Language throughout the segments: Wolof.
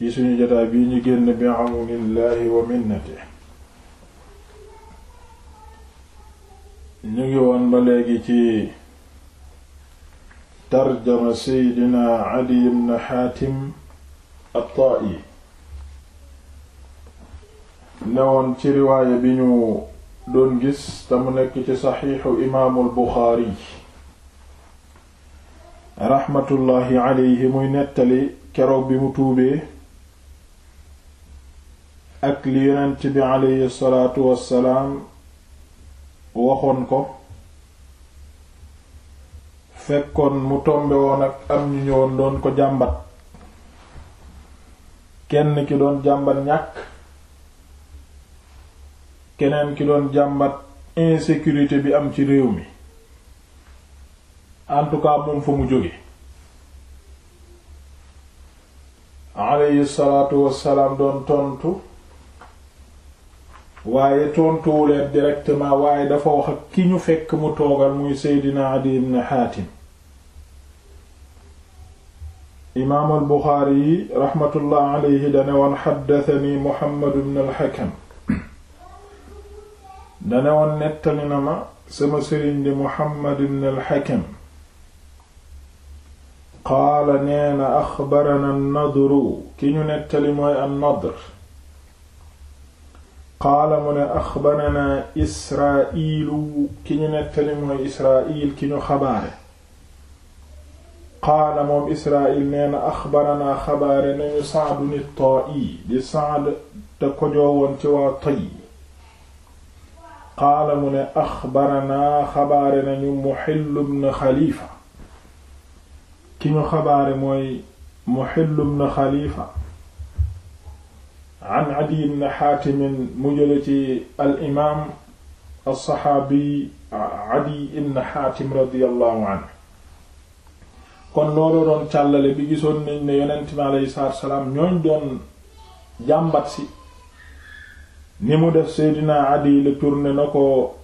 ci suñu jotaay bii ñu génn bi awnillahi wa minnati ñu ngi woon ba léegi ci tarjama seydina Adiy ibn Xaatim at-Taa'i newoon ci riwaaya bi ñu doon gis te mu nekk ci saxiixu imaamul Buxaari raxmatullaahi alayhi muy nettali keroog bi mu tuubee ak li yonent bi aleyhi salaatu wassalaam waxoon ko fekkoon mu tombe woon ak am ñu ñëwoon doon ko jàmbat kenn ki doon jàmbat ñàkk keneen ki doon jàmbat insécurité bi am ci réew mi en tout cas moom fa mu jóge aleyhi salaatu wassalaam doon tontu waaye tontuwuleen directement waaye dafa wax ak ki ñu fekk mu toogal muy seydina adi ibn xaatim imaam al buxaari yi raxmatullah aleyhi dane woon xaddatani muhammad ibn al xakam dane nettali na ma sama sëriñ di muhammad ibn al xakam qaala nee na nadru ki ñu nettali mooy an nadr qaala mu ne axbaranaa israa'iilu ki ñu nettali mooy israa'iil ki ñu xabaare qaala moom israa'iil nee na axbaranaa xabaare nañu Sa'd at-Taa'i di Sa'd te ko joowoon ci waa Tayy qaala mu ne axbaranaa xabaare nañu Muhill ibn Xaliifa ki ñu xabaare mooy Muhill ibn Xaliifa an Adiy ibn Haatim mu jële ci al imaam as-saxaabi Adiy ibn Haatim radiyallahu anhu kon loolu doon càllale bi gisoon nañ ne yonent bi salaam ñooñ doon jàmbat si ni mu def Seydina Adiy la tourné na ko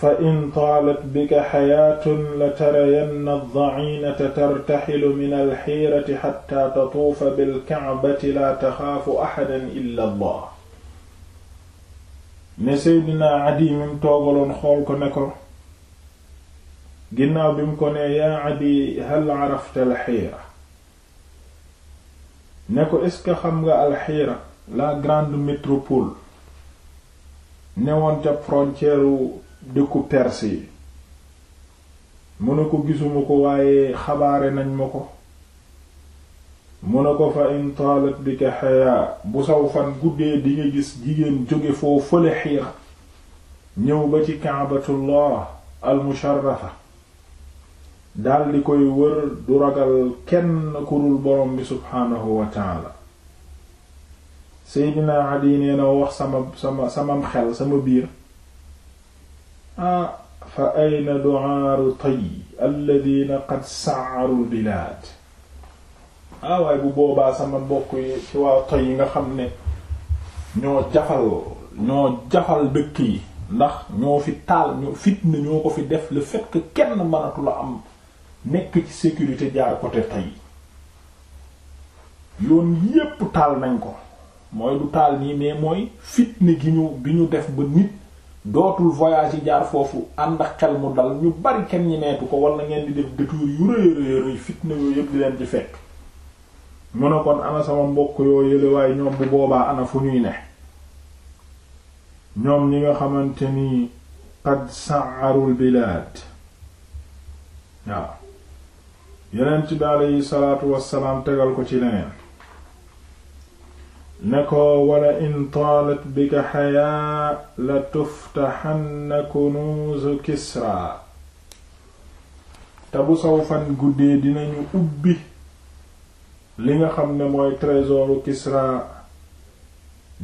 fa in taalat bika xayaatun la tarayanna addacinata tartaxilu min alxiirati xatta tatuufa bilkacbati laa taxaafu axadan illa allah ne seydinaa Adiy mim toogaloon xool ko ne ko ginnaaw bi mu ko ne yaa Adiy hal carafta alxiira ne ko est-ce que xam nga alxiira la grande métropole newoon ca frontière dëkku perse yi mu ko gisuma ko waaye xabaare nañ ma ko mu ne ko fa in taalat bika xayaa bu saw fan guddee di gis jigéen jóge foo fële xiir ñëw ba ci kaabatullah al musharrafa daldi koy wër du ragal kenn kurul borom bi subhaanahu wa taala seydina adi wax sama sama samam xel sama biir ah fa ayna du'aaru tayy alladhina qad sa'aru al-bilaad ah, bu boobaa sama mbokk yi ci waa tayy yi nga xam ne ñoo jafal ñoo jafal dëkk yi ndax ñoo fi taal ñoo fitna ñoo ko fi def le fait que kenn mënatu la am nekk ci sécurité jaar côté tayy yoon yépp taal nañ ko mooy du taal nii mais mooy fitna gi ñu bi ñu def ba nit dootul voyage yi jaar foofu ànd ak xel mu dal ñu bari kenn ñi neetu ko wala ngeen di def détour yu rëy rëy rëy fitna yooyu yëpp di leen ci fekk mu ne kon ana sama mbokk yoo yële waaye ñoom bu boobaa ana fu ñuy ne ñoom ñi nga xamante ni qad sa'arul bilaad waaw yeneen ci bi aleyhi salaatu wassalaam tegal ko ci leneen ne ko wala in bi bika xayaa la tuftaxanna kunuuzu kisraa te bu saw fan guddee dinañu ubbi li nga xam ne mooy trésoru kisraa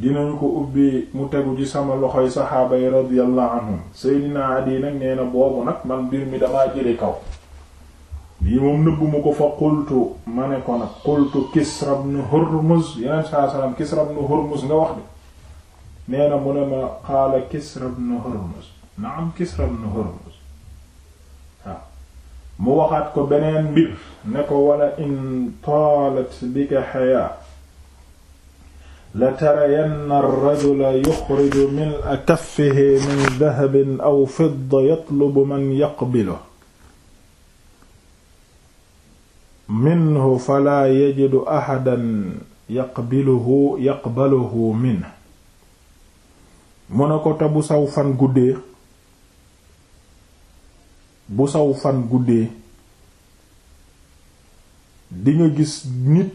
dinañu ko ubbi mu tegu ci sama loxoy saxaaba yi radiyallahu anhum seydinaa adi nag nee na boobu nag man mbir mi damaa jëli kaw lii moom nëbbuma ko fa qultu ma ne ko nag qultu Kisra ibn Hurmuz yeneen saa salaam Kisra ibn Hurmuz nga wax de nee na mu ne ma qaala Kisra ibn Hurmuz naam Kisra ibn Hurmuz waaw mu waxaat ko beneen mbir ne ko wala in taalat bika hayaa la tarayanna ar-rajula yukhriju mil'a kaffihi min dhahabin aw fidda yatlubu man yaqbiluhu minhu falaa yajidu ahadan yaqbiluhu yaqbaluhu min mu ne ko te bu saw fan guddee bu saw fan guddee di gis nit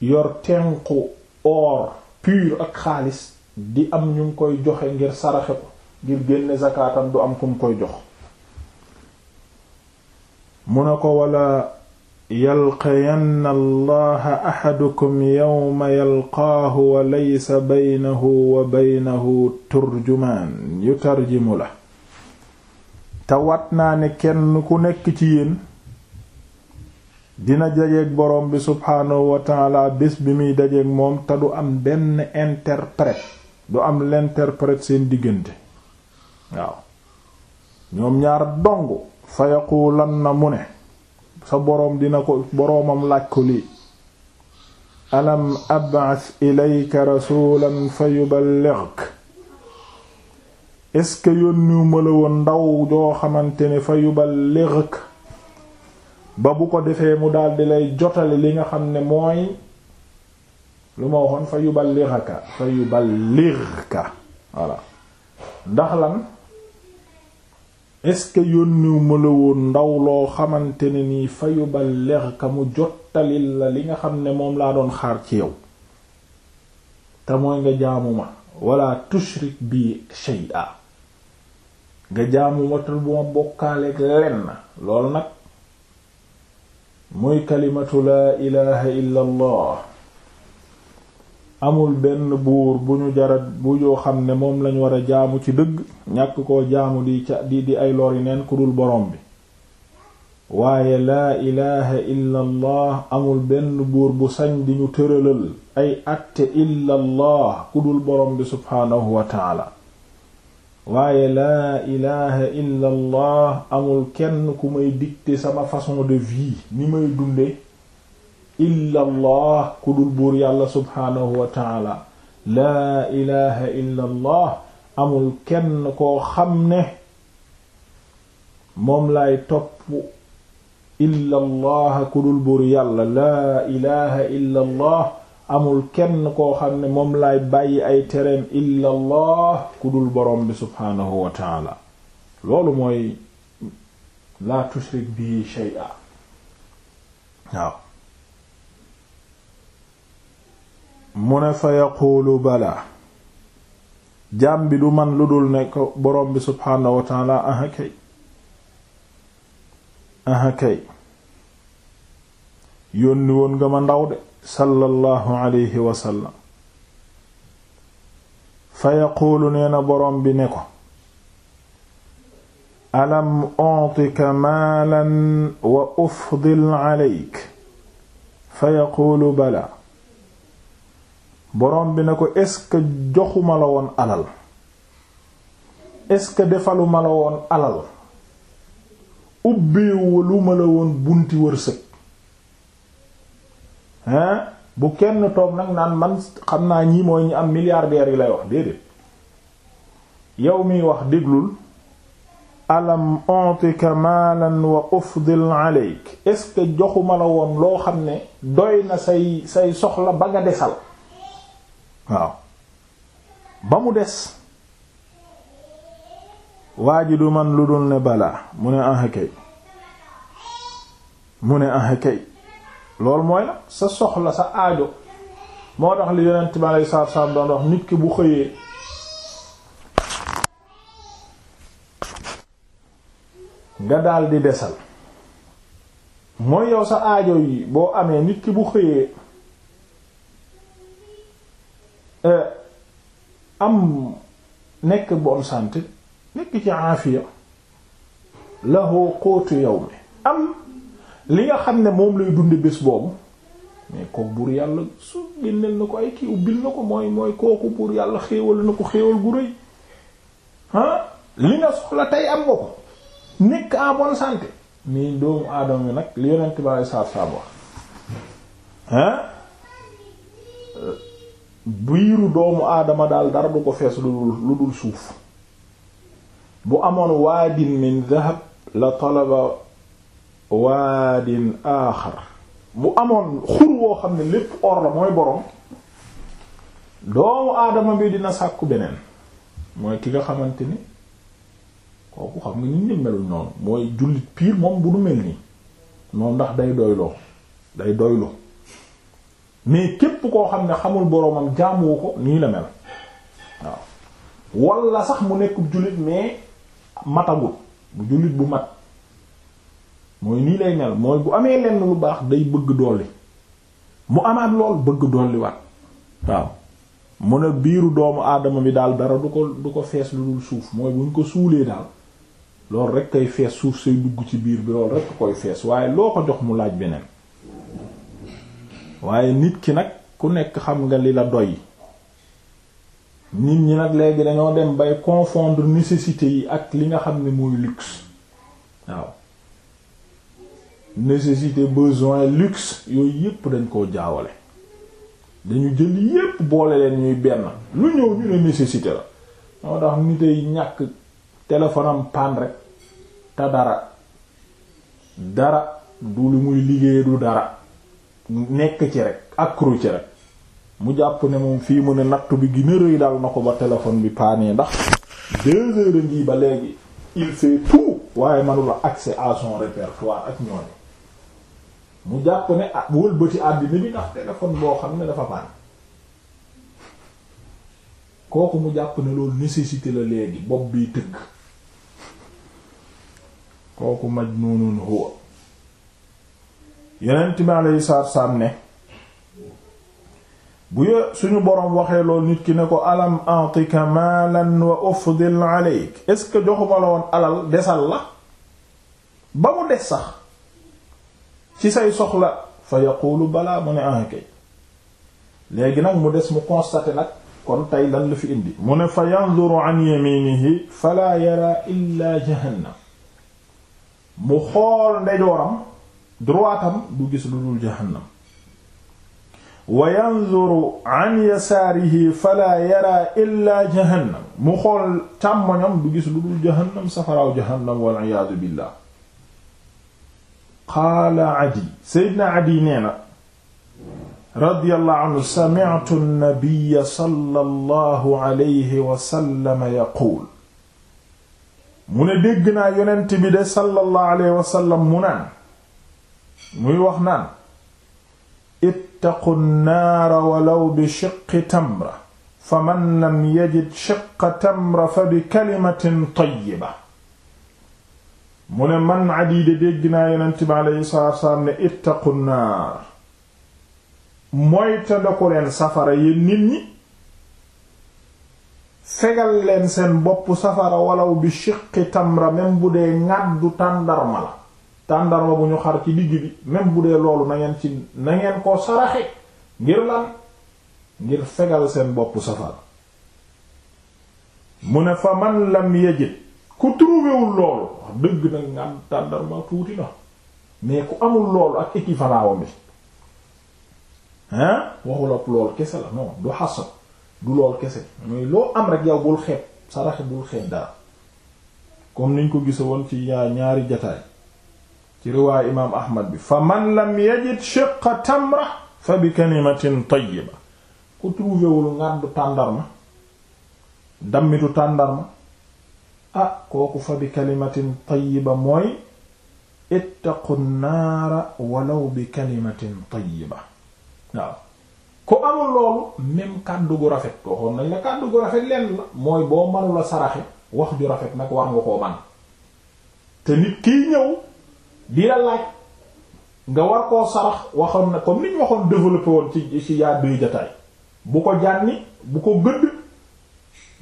yor tenqu or pur ak xaalis di am ñu ngi koy joxe ngir saraxe ko ngir génne zakaatam du am ku koy jox mu ne ko wala yalqayanna allaha axadukum yowma yalqaahu wa laysa baynahu wa baynahu turjumaan yu tarjimu la te wat naa ne kenn ku nekk ci yéen dina dajeeg boroom bi subhaanahu wa bés bi muy dajeeg moom te du am benn interprète du am l'interprète seen diggante waaw ñoom ñaar dong fa yaqulan na mu ne sa boroom dina ko boroomam laaj ko lii alam ab'ath ilayka rasulan fa yuballighuk est-ce que yónniwuma la woon ndaw joo xamante ne fa yuballighuk ba bu ko defee mu daldi lay jotale li nga xam ne mooy lu ma waxoon fa yuballighaka fa yuballighka voilà ndax lan est-ce que yónniw ma la woon ndaw loo xamante ne nii fayu ba lex ka mu jottalil la li nga xam ne moom laa doon xaar ci yow te mooy nga jaamuma wala tushrik bi shay'a nga jaamuma te bu ma bokkaaleeg lenn lool nag muy kalimatu laa ilaha illa amul benn buur bu ñu jarat bu yoo xam ne moom lañ war a jaamu ci dëgg ñàkk koo jaamu di ca di di ay lor yi neen ku dul borom bi waaye laa ilaha illa allah amul benn buur bu sañ di ñu ay atte illa allah ku dul borom bi subhaanahu waaye laa ilaha illa kenn ku may dicter sama façon de vie ni may dunde illa allah ku dul buur yàlla subhaanahu wa taala laa ilaha illa allah amul kenn koo xam ne moom lay topp illa allah ku dul buur yàlla laa ilaha illa allah amul kenn koo xam ne moom lay bàyyi ay tereem illa allah ku dul boroom bi subhaanahu loolu mooy laa tushrik bi shay'a mu ne fa yaquulu balaa jaam du man lu dul ne ko borom bi subhaanahu wa aha kay aha kay yónni woon nga ma ndaw de sallallahu alayhi wa fa yaquulu nee na borom bi ne ko alam utika maalan wa ufdil aleyk fa yaquulu balaa borom bi ne ko est-ce que joxuma la woon alal est-ce que defaluma la woon alal ubbeewaluma la woon bunti wërsëg hein bu kenn toog nag naan man xam naa ñii mooy ñi am milliardaires yi lay wax déedéet yow miy wax déglul alam ontika maalan wa ufdil aleyk est-ce joxuma la woon loo xam ne doy na say say soxla ba nga desal waaw ba mu des waa ji du man lu dul ne balaa mu ne ah kay mu ne ah kay loolu mooy la sa soxla sa aajo moo tax li yonent bi aleyhi salaatu salaam doon wax nit ki bu xëyee nga daal di desal mooy yow sa aajo yi boo amee nit ki bu xëyee Euh, am nekk bonne santé nekk ci aafiya lahu qootu yawmi am li nga xam ne moom lay dunde bés boobu mais kooku buur yàlla su génneel na ko ay kii ubbil na ko mooy mooy kooku buur yàlla xéewal na ko xéewal gu rëy ah li nga soxla tey am nga ko nekk en bonne santé mais doomu aadama nag li yonent bi alei saatu salaam biiru doomu aadama daal dara du ko fees lu dul lu dul suuf bu amoon waadin min dahab la talaba waadin aaxar bu amoon xur woo xam ne lépp or la mooy borom doomu aadama bi dina sàkku beneen mooy ki nga xamante ni kooku xam nga nit ñi noonu mooy jullit piir moom bu du mel nii moom ndax day doyloo day doylu mais képp koo xam ne xamul boromam jaamuwu ko nii la mel waaw wala sax mu nekk jullit mais matagul bu jullit bu mat mooy nii lay mel mooy bu amee lenn lu baax day bëgg dolli mu amaat lool bëgg dolliwaat waaw mu ne biiru doomu aadama bi daal dara du ko du ko fees lu dul suuf mooy buñ ko suulee daal loolu rek kay fees suuf say dugg ci biir bi loolu rek koy fees waaye loo ko jox mu laaj beneen waaye nit ki nag ku nekk xam nga li la doy nit ñi nag léegi dañoo dem bay confondre nécessité yi ak li nga xam ne mooy luxe waaw nécessité besoin luxe yooyu yépp dañ koo jaawale dañu jël yépp boole leen ñuy benn lu ñëw ñu ne nécessité la moo tax nit ay ñàkk téléphone am rek te dara dara du lu muy liggéey dara nekk ci rek accro ci rek mu jàpp ne moom fii mu ne nattu bi gën a rëy daal na ko ba téléphone bi paanee ndax deux heures ngi ba léegi il fait tout waaye manula accès à son répertoire ak ñooñu mu jàpp ne ah wëlbati àddina bi ndax téléphone boo xam ne dafa paan kooku mu jàpp ne loolu nécessité la léegi bopp biy tëgg kooku majnuunun huwa yonent bi alayhi salaatu salaam ne bu ye suñu boroom waxee lool nit ki ne ko alam atika maalan wa ufdil aleyk est ce que joxuma la woon alal desal la ba mu des sax ci say soxla fa yaqulu balaa mu ne ankay ah, léegi nag mu des mu constaté nag kon tey lan la fi indi mu ne fa yanzuru an yaminihi fala yara illa jahannam mu xool ndejooram droitam du gis lu dul jahannam wa yanzuru an yasaarihi fala yara illa jahannam mu xool càmmoñam du gis lu dul jahannam safaraaw jahannam wal iyaadu billah qaala adi seydna adi nee na radiyallahu anhu sami'tu an-nabiyya sallallahu alayhi wa sallam yaquul mu ne dégg naa yonent bi de sallallahu alayhi wa sallam mu naan muy wax naan ittaqu nnaara walaw bi shiqqi tamra fa man lam yajid shiqqa tamra fa bi kalimatin tayyiba mu ne man adiide dégg naa yonent bi aleyhi salaatu salaam ne ittaqu nnaar mooyta ndaku leen safara yéen nit ñi fegal leen seen bopp safara walaw bi shiqqi tamra même bu dee ngàddu tàndarma la tàndarma bu ñu xar ci digg bi même bu dee loolu nangeen ci nangeen koo ko saraxe ngir lan ngir fegal seen bopp safara mu ne fa man lam yajid ku trouvéwul loolu wax dëgg nag nga am tàndarma tuuti na mais ku amul loolu ak équivalent bi hein waxul ak lool kese la non du xasab du lool kese mais loo am rek yow bul xeeb saraxe bul xeeb dara comme niñ ko gisa woon ci ñaari jataay ci riwaay imaam ahmad bi fa man lam yajid shiqqa tamra fa bi kalimatin tayyiba ku trouvéwul ngàddu tàndarma dammitu tàndarma ah kooku fa bi kalimatin tayyiba mooy ittaqu naara walaw bi kalimatin tayyiba waaw ku amul loolu même kàddu gu rafet waxoon nañ la kàddu gu rafet lenn mooy boo mënula saraxe wax ju rafet nag war nga koo man te nit kiy ñëw di la laaj nga war koo sarax waxoon na comme ni waxoon développé woon ci ci yaa doy jataay bu ko jànni bu ko gëdd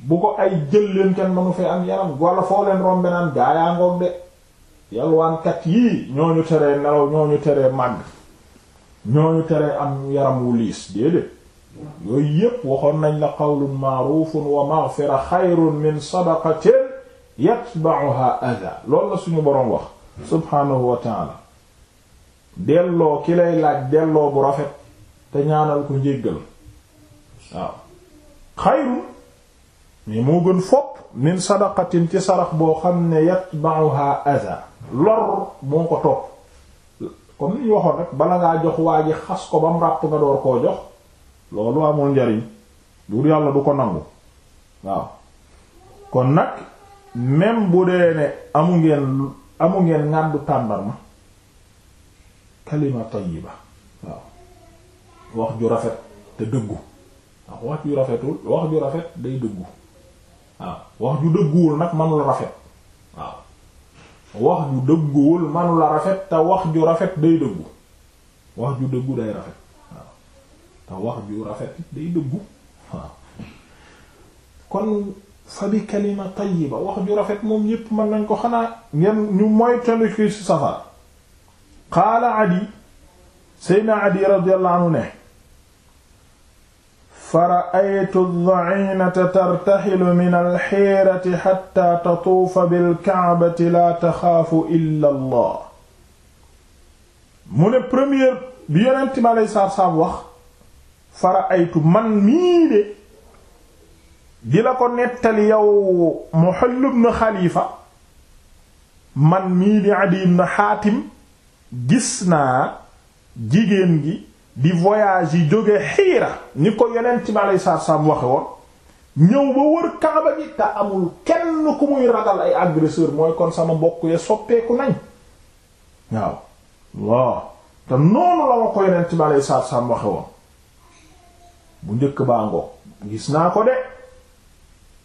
bu ko ay jël leen kenn mënu fee am yaram wala foo leen rombe naan gaa yaa ngoog de yalwaankat yii ñoo ñu teree nelaw ñoo ñu teree màgg ñoo ñu teree am yaram wu liis déedéet yooyu yépp waxoon nañ la qawlun ma'rufun wa maghfira xayrun min sadaqatin yatba'uha adha loolu la suñu boroom wax subhaanahu wa taala delloo ki lay laaj delloo bu rafet te ñaanal ko njéggal waaw xayru mais moo gën fopp min sadaqatin ci sarax boo xam ne yatba'uha adha lor moo ko topp comme ni ñu waxoon bala ngaa jox waa ji xas ko ba mu ràpp nga door koo jox loolu amul njariñ buur yàlla du ko nangu waaw kon nag même bu dee ne amu ngeen amu ngeen ngàndu tàndarma kalima tayyiba waaw wax ju rafet te dëggu wax ju rafetul wax ju rafet day dëggu waaw wax ju dëgguwul nag manula rafet waaw wax ju dëgguwul manula rafet te wax ju rafet day dëggu wax ju dëggu day rafet waaw te wax ju rafet day dëggu waaw kon fa bi kalima tayyiba wax ju rafet moom ñépp mën nañ ko xanaa ngeen ñu moytandiku ci safara qaala adi seydna adi radiyallahu anhu ne fa ra'aytu ad-da'inata tartaxilu min al-hiirati hatta tatuufa bil-ka'bati la taxaafu illa Allah mu ne première bi yonent ma lay saar saab wax fa ra'aytu man mii de di la ko nettali yow Muhall ibn Xalifa man mii di Adi ibn Xaatim gis naa jigéen gi di voyage yi jóge Xiira ni ko yonent bi alayhi salaatu salaam waxe woon ñëw ba wër Kaaba bi te amul kenn ku muy ragal ay agresseur mooy kon sama mbokk ya soppeeku nañ waaw waaw te noonu la ma ko yonent bi alayhi salaatu salaam waxe woon bu njëkk baa ngoog gis naa ko de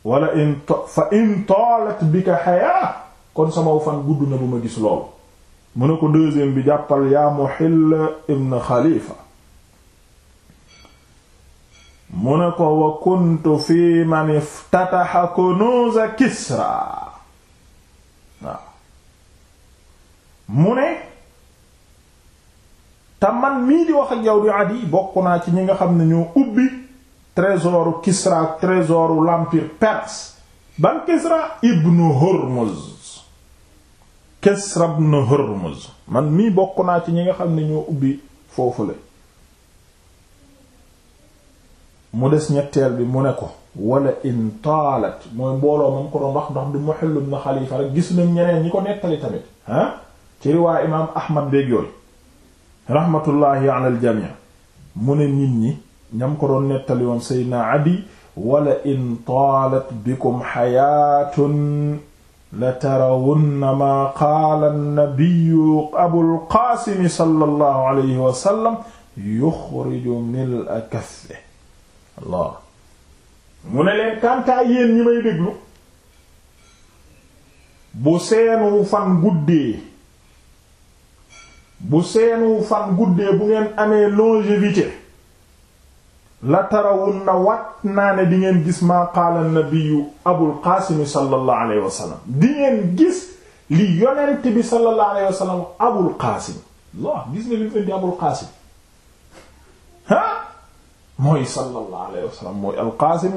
wala in fa in toolat bi ka xayaa kon sama fan gudd na bu ma gis loolu mu ne ko deuxième bi jàppal yaa Muhill ibn Xalifa mu ne ko wa mu ne te man mii di wax ak yow di Adi bokk naa ci ñi nga xam ne ñoo ubbi trésoru Kisra trésoru l'empire perse ban Kisra ibnu Hormuz Kisra ibnu Hormuz man mii bokk naa ci ñi nga xam ne ñoo ubbi foofu foofule mu des ñetteel bi mu ne ko wala in taalat mooy mbooloo moom ko doon wax ndax du Muhillu ibn Xalifa rek gis nañ ñeneen ñi ko nettali tamit ah ci riwaay imaam Ahmad beeg yooyu rahmatullahi ala al mu ne nit ñi ñam ko doon nettali woon seydna adi wala in taalat bikum xayaatun la tarawunna maa qaala nabiyu abulqaasimi sallallahu alayhi wa sallam yuxriju mila kaffe allah mu ne leen kantaa yéen ñi may déglu bu seenu fan guddee bu seenu fan guddee bu ngeen amee longévité la tarawun na wat naa ne di ngeen gis maa qaala nabiyu abul qaasimi sallallahu alayhi wa sallam di ngeen gis li yonent bi sallallahu alayhi abul qaasim Allah gis nga li mu abul qaasim ah mooy sallallahu alayhi mooy al qaasim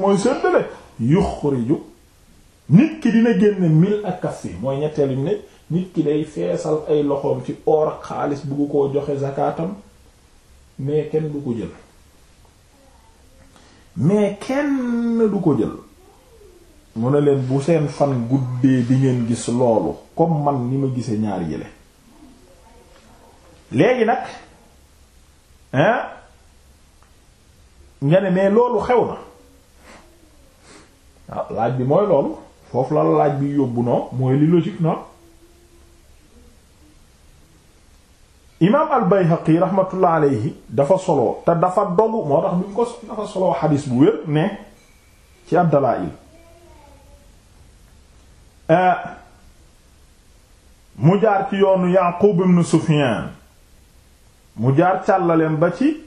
nit ki dina génne mil ak kaf fi mooy ñetteelu ne nit ki day feesal ay loxoom ci or ak xaalis bugg koo joxe zakaatam mais kenn du ko jël mais kenn du ko jël mu ne leen bu seen fan guddee di ngeen gis loolu comme man ni ma gisee ñaar yële léegi nag hein nga ne mais loolu xew na waaw ah, laaj bi mooy loolu foofu la laaj bi yóbbu noo mooy li logique non imaam al-Bayhaqi rahmatullah alayhi dafa solo te dafa dogu moo tax bi mu ko solo xadiis bu wér ne ci ab dalaa'il euh, mu jaar ci yoonu Yaqub ibn Sufyan mu jaar càllaleen ba ci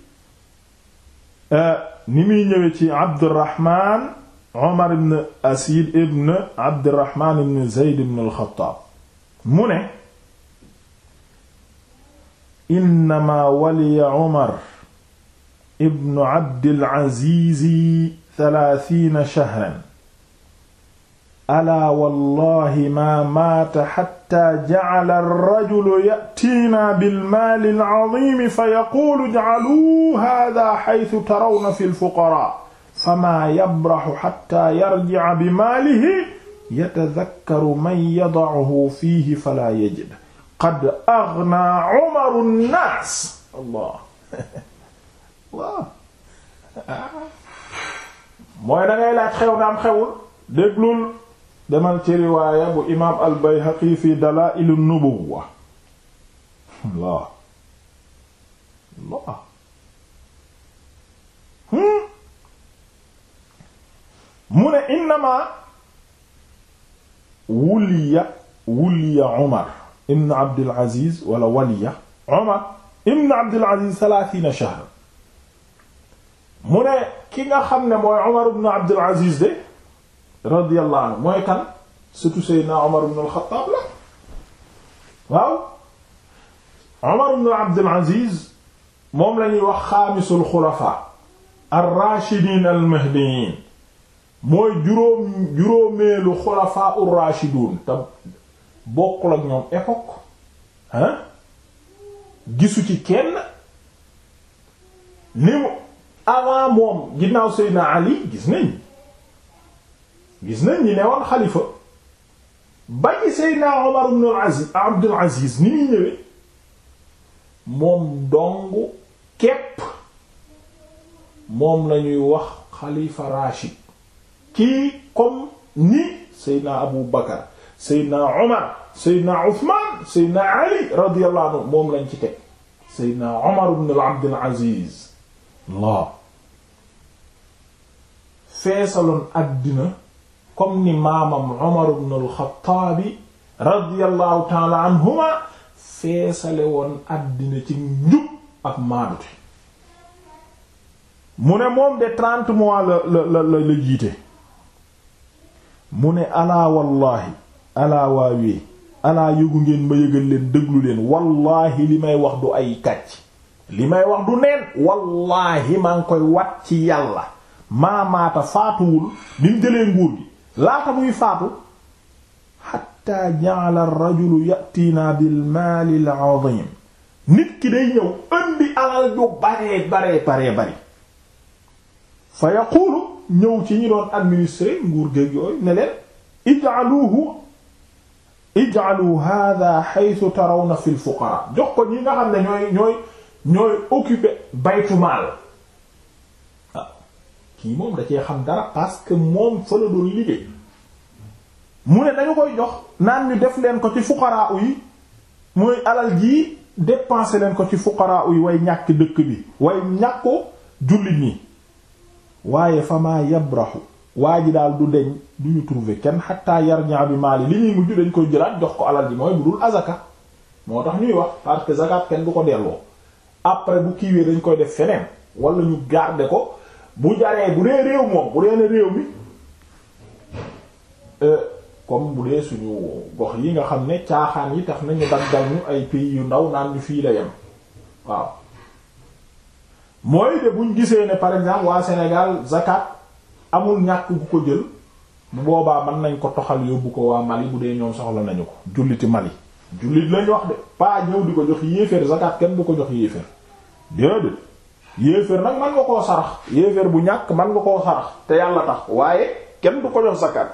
euh, ni muy ñëwee ci Abdurrahman Omar ibn Asid ibn Abdurrahman ibn Zayd ibn al mu ne innama waliya Umar ibnu Abdil Aziz talaatiina shahran alaa wallaahi maa maata xattaa jacala arrajulu ya'tiinaa bilmaali alcaziimi fayaquulu ijcaluu haadaa xaysu tarawna fi lfuqaraa famaa yabraxu xattaa yarjica bimaalihi yatadakkaru man yadacuhu fiihi falaa yajid qad aghnaa umaru nnaas allah allah mooy da ngay laaj xew na am xewul déglul demal ci riwaaya bu imaam al bayhaqi fi dalaa'il an-nubuwwa allah allah hmm? mu ne innamaa wuliya wuliya umar ibn Abdul Aziz wala waliya Omar ibn Abdul Aziz salaasiina shahr mu ne ki nga xam ne mooy Omar ibn Abdul Aziz de radiyallahu anhu mooy kan surtout Seydina Omar ibn al-Khattab la waaw Omar ibn Abdul Aziz moom la ñuy wax xaamisul xulafaa ar-raashidiin al-mahdiyyiin mooy juróom juróomeelu xulafaa ur-raashiduun bokkul ak ñoom époque hein gisu ci kenn ni mu avant moom ginnaaw Seydina Ali gis nañ gis nañ ñi newoon xalifa ba ci Seydina Omar ibn aziz Abdul Aziz ni muy ñëwee moom dong képp moom lañuy wax xalifa Rachid kii comme ni Seydina Abu Bakar Seydina Omar Seydina Ousmane Seydina Ali radiyallahu anhu moom lañ ci teg Seydina Omar ibn Abdul Aziz Allah feesaloon àddina comme ni maamam Omar ibn al radiyallahu ta'ala anhuma feesale woon àddina ci njub ak maadute mu ne moom de trente mois la la la la jiite mu ne alaa wallahi alaa waawee alaa yëgu ngeen ma yëgal leen déglu leen wallaahi li may wax du ay kàcc li may wax du neen wallaahi maa ngi koy wat ci yàlla maa maata faatuwul bi mu jëlee nguur gi laata muy faatu xatta ja'ala rajulu ya'tina bil maali nit ki day ñëw indi alal ju baree baree baree bari fa yaqulu ñëw ci ñi doon administrer nguur géeg yooyu ne leen ij'alu hadha haythu tarawna fil fuqara jox ko ñi nga xam ne ñooy ñooy ñooy occuper baytu maal waaw ah, kii moom da cee xam dara parce que moom fa la liggéey mu ne dañu koy jox naan ñu def leen ko ci fuqara yi mooy alal jii dépenser leen ko ci fuqara yi way ñàkk dëkk bi way ñàkko jullit ñi waaye fa maa yabrahu waa ji daal du deñ du ñu trouver kenn xataa yarñaa bi maali li ñuy mujj dañ koy jëlaat jox ko alal ji mooy bu dul azaka moo tax ñuy wax parce que zakat kenn du ko delloo après bu kiiwee dañ koy def feneen walla ñu garder ko bu jaree bu dee réew moom bu dee ne réew mi euh, comme bu dee suñu gox yi nga xam ne caaxaan yi tax nañu daggal ñu ay pays yu ndaw naan ñu fii la yem waaw mooy de buñ gisee ne par exemple waa Sénégal zakat amul ñàkk bu ko jël boobaa mën nañ ko toxal yóbbu ko waa Mali bu dee ñoom soxla nañu ko julliti Mali jullit lañ wax de pas ñëw di ko jox yéeféer zakat kenn bu ko jox yéeféer déedéet nga koo sarax yéeféer bu ñàkk mën nga koo sarax te waaye kenn du ko jox zakat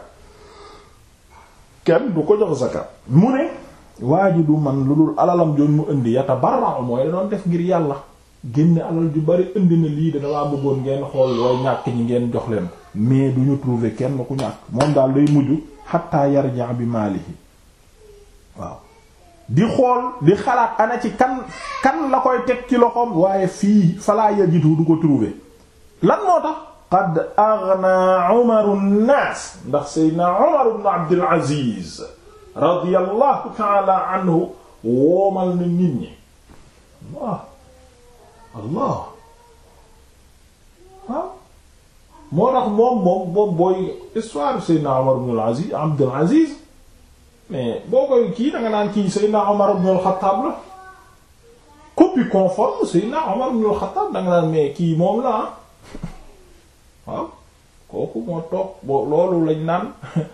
kenn du ko jox zakat mu ne waa du man lu dul alalam joon mu indi yata barbaru mooy la doon def ngir yàlla génne alal ju bari indi na lii de damaa bëggoon ngeen xool looy ñàkk ñi ngeen jox leen ko mais du trouver kenn ku ñàkk moom daal day mujj xatta yarja bi maalihi waaw di xool di xalaat ana ci kan kan la koy teg ci loxoom waaye fii falaa yajitu du ko trouver lan moo tax qad aghna umaru nnaas ndax seydna umar ibn abdul aziz radiyallahu ta'ala anhu woomal na nit ñi allah moo tax moom moom moom booy histoire Seydina Omar ibn al Abdul Aziz mais boo kii da nga naan kii Seydina Omar ibn al-Khattab conforme Seydina Omar ibn al ah. kooku moo toog boo loolu lañ naan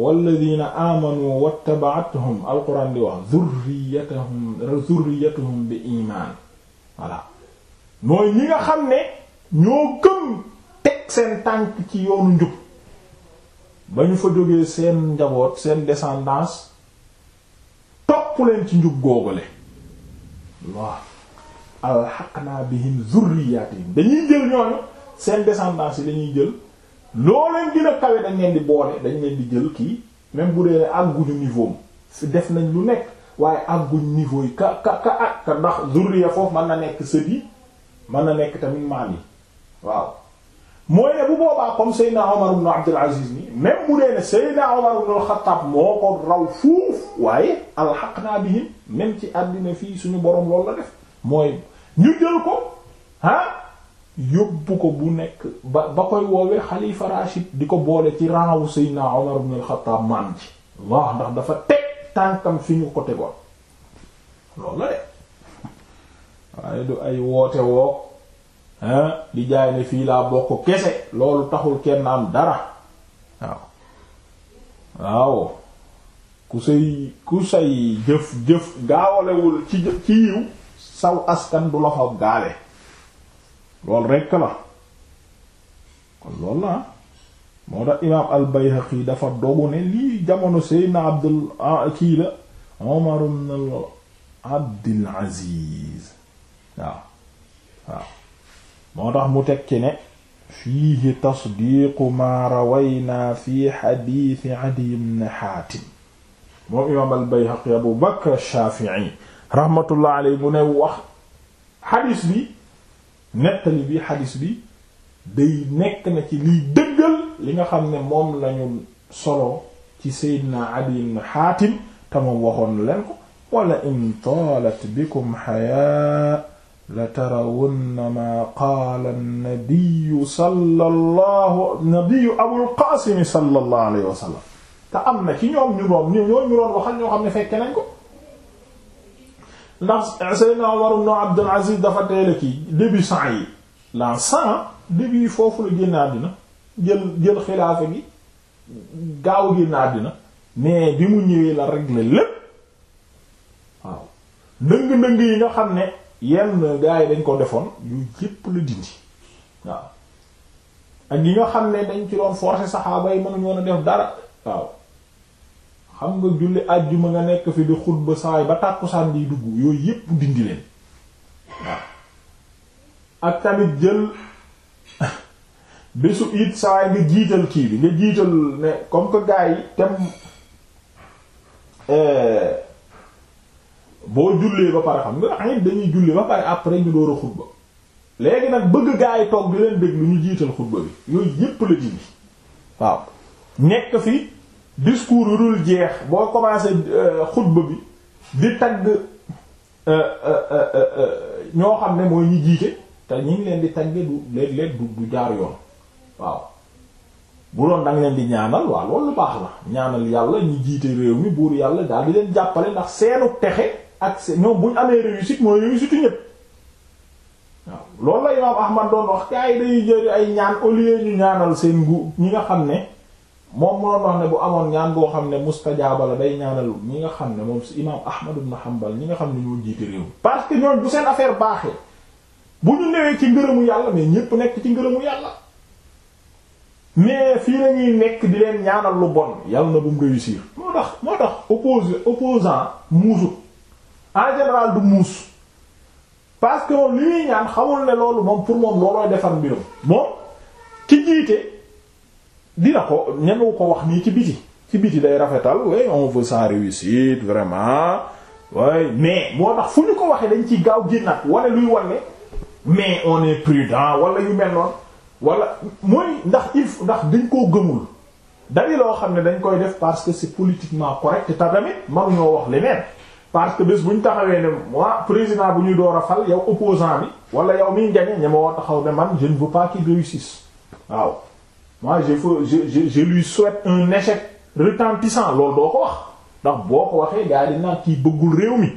walladina amanu wattaba'athum alquran di wax zurriyatuhum zurriyatuhum bi iman voilà mooy ñi nga xam ne ñoo gëm teg seen tànk ci yoonu njub ba ñu fa jógee seen njaboot seen descendance topp leen ci njub googale waaw alxaqnaa bihim zurriyatihim dañuy jël ñooñu seen descendance yi lañuy jël loo leen gën a kawe dañ leen di boole dañ leen di jël kii même bu dee àgguñu niveau fi def nañ lu nekk waaye àgguñ niveau yi ka ka ka ak ka ndax zurriya foofu mën na nekk sët yi man na nekk tamit maam yi waaw mooy ne bu boobaa comme Seydina Omar ibn Abdul Aziz ni même mu dee ne Seydina Omar ibn al moo ko raw fuuf waaye alxaqnaa bihim même ci àddina fii suñu borom loolu la def mooy ñu jël ko ah yóbbu ko bu nekk ba ba koy woowee xalifa Rashid di ko boole ci raawu Seydina Omar ibn al maam ci waaw ndax dafa teg tànkam fi ñu ko tegoon loolu la de waaye du ay woote woo di jaay ne fii laa bokk kese loolu taxul kenn am dara waaw waaw ku say ku say jëf jëf gaawalewul ci yiw saw askan du la fa gaale loolu rekk la kon loolu la moo tax imaam al-Bayhaqi dafa dogu ne lii jamono Seydina Abdul ah, kii la Umar ibn Abdul Aziz waaw waaw moo tax mu teg ci ne fiihi tasdiiqu maa rawaynaa fi xadiisi Adiy ibn Xaatim moom imaam al-Bayhaqi Abu Bakr ash-Shaafi'i rahmatullah ne wax xadis bi nettali bi nekk na ci liy dëggal li nga xam ne moom lañu solo ci Seydina Adiy ibn Xaatim te moom waxoon leen wala in taalat bikum xayaa la tarawunna maa qaala nabiyu sallallahu nabiyu abul qaasimi sallallahu alayhi wa sallam te am na ci ñoom ñu doon ñoo ñu doon waxal ñoo xam ne fekke nañ ko ndax Seydina Umar ibn Abdul Aziz dafa teel a kii début cent yi l'an cent début yi foofu la génn àddina jël jël xilaafa gi gaaw génn àddina mais bi mu ñëwee la régler lépp waaw ndëng-ndëng yi nga xam ne. yenn gars yi dañ ko defoon yu yépp la dindi waaw ak yi nga xam ne dañ ci doon forcer saxaaba yi mënuñu woon a def dara waaw xam nga julli àjjuma nga nekk fi di xutba saay ba tàkkusaan di dugg yooyu yépp dindi leen waaw ak tamit jël bésu it saay nga jiital kii bi nga jiital ne comme que gaa yi tem euh, boo jullee ba pare xam nga ay dañuy julli ba pare après ñu door a xutba léegi nag bëgg gaa yi toog di leen déglu ñu jiital xutba bi yooyu yépp la ji waaw nekk fi discours yu dul jeex boo commencé euh, xutba bi di tagg euh, euh, ñoo xam ne mooy ñu jiite te ñu ngi leen di tagge du léeg-léeg du du jaar yoon waaw bu doon danga leen di ñaanal waaw loolu lu baax la ñaanal yàlla ñi jiite réew mi buur yàlla daal di leen jàppale ndax seenu texe accès ñoom bu ñu amee réussite mooy réussite ñépp waaw loolu la imaam Ahmad doon wax gaa yi day jëri ay ñaan au ñu ñaanal seen ngu ñi nga xam ne moom moo wax ne bu amoon ñaan boo xam ne mustajaaba la day ñaanal ñi nga xam ne moom si imaam Ahmad ibn Hanbal ñi nga xam ne ñoo jiite réew parce que ñoom bu seen affaire baaxee bu ñu newee ci ngërëmu yàlla mais ñépp nekk ci ngërëmu yàlla mais fii lañuy nekk di leen ñaanal lu bon yàlla na bu mu réussir moo tax moo tax en général du muus parce que moom li ñuy ñaan xamul ne loolu moom pour moom loolooy defar mbirum moom ki jiite dina ko ñemewu ko wax nii ci biti ci biti day rafetal oui on veut sans réussite vraiment oui mais moo tax fu ñu ko waxee dañ ci gaaw génnaat wala luy wane mais on est prudent wala yu mel noonu wala mooy ndax il ndax dañ koo gëmul dañu loo xam ne dañ koy def parce que c'est politiquement correct te tamit ñoo wax leneen. parce que bés bu ñu taxawee ne moi président bu ñuy door a fal yow opposant bi wala yow miy gañe ña ma woo taxaw ne man je ne veux pas qu'il réussisse waaw moi je je je lui souhaite un échec retentissant loolu doo ko wax ndax boo ko waxee gaa yi naan kii bëggul réew mi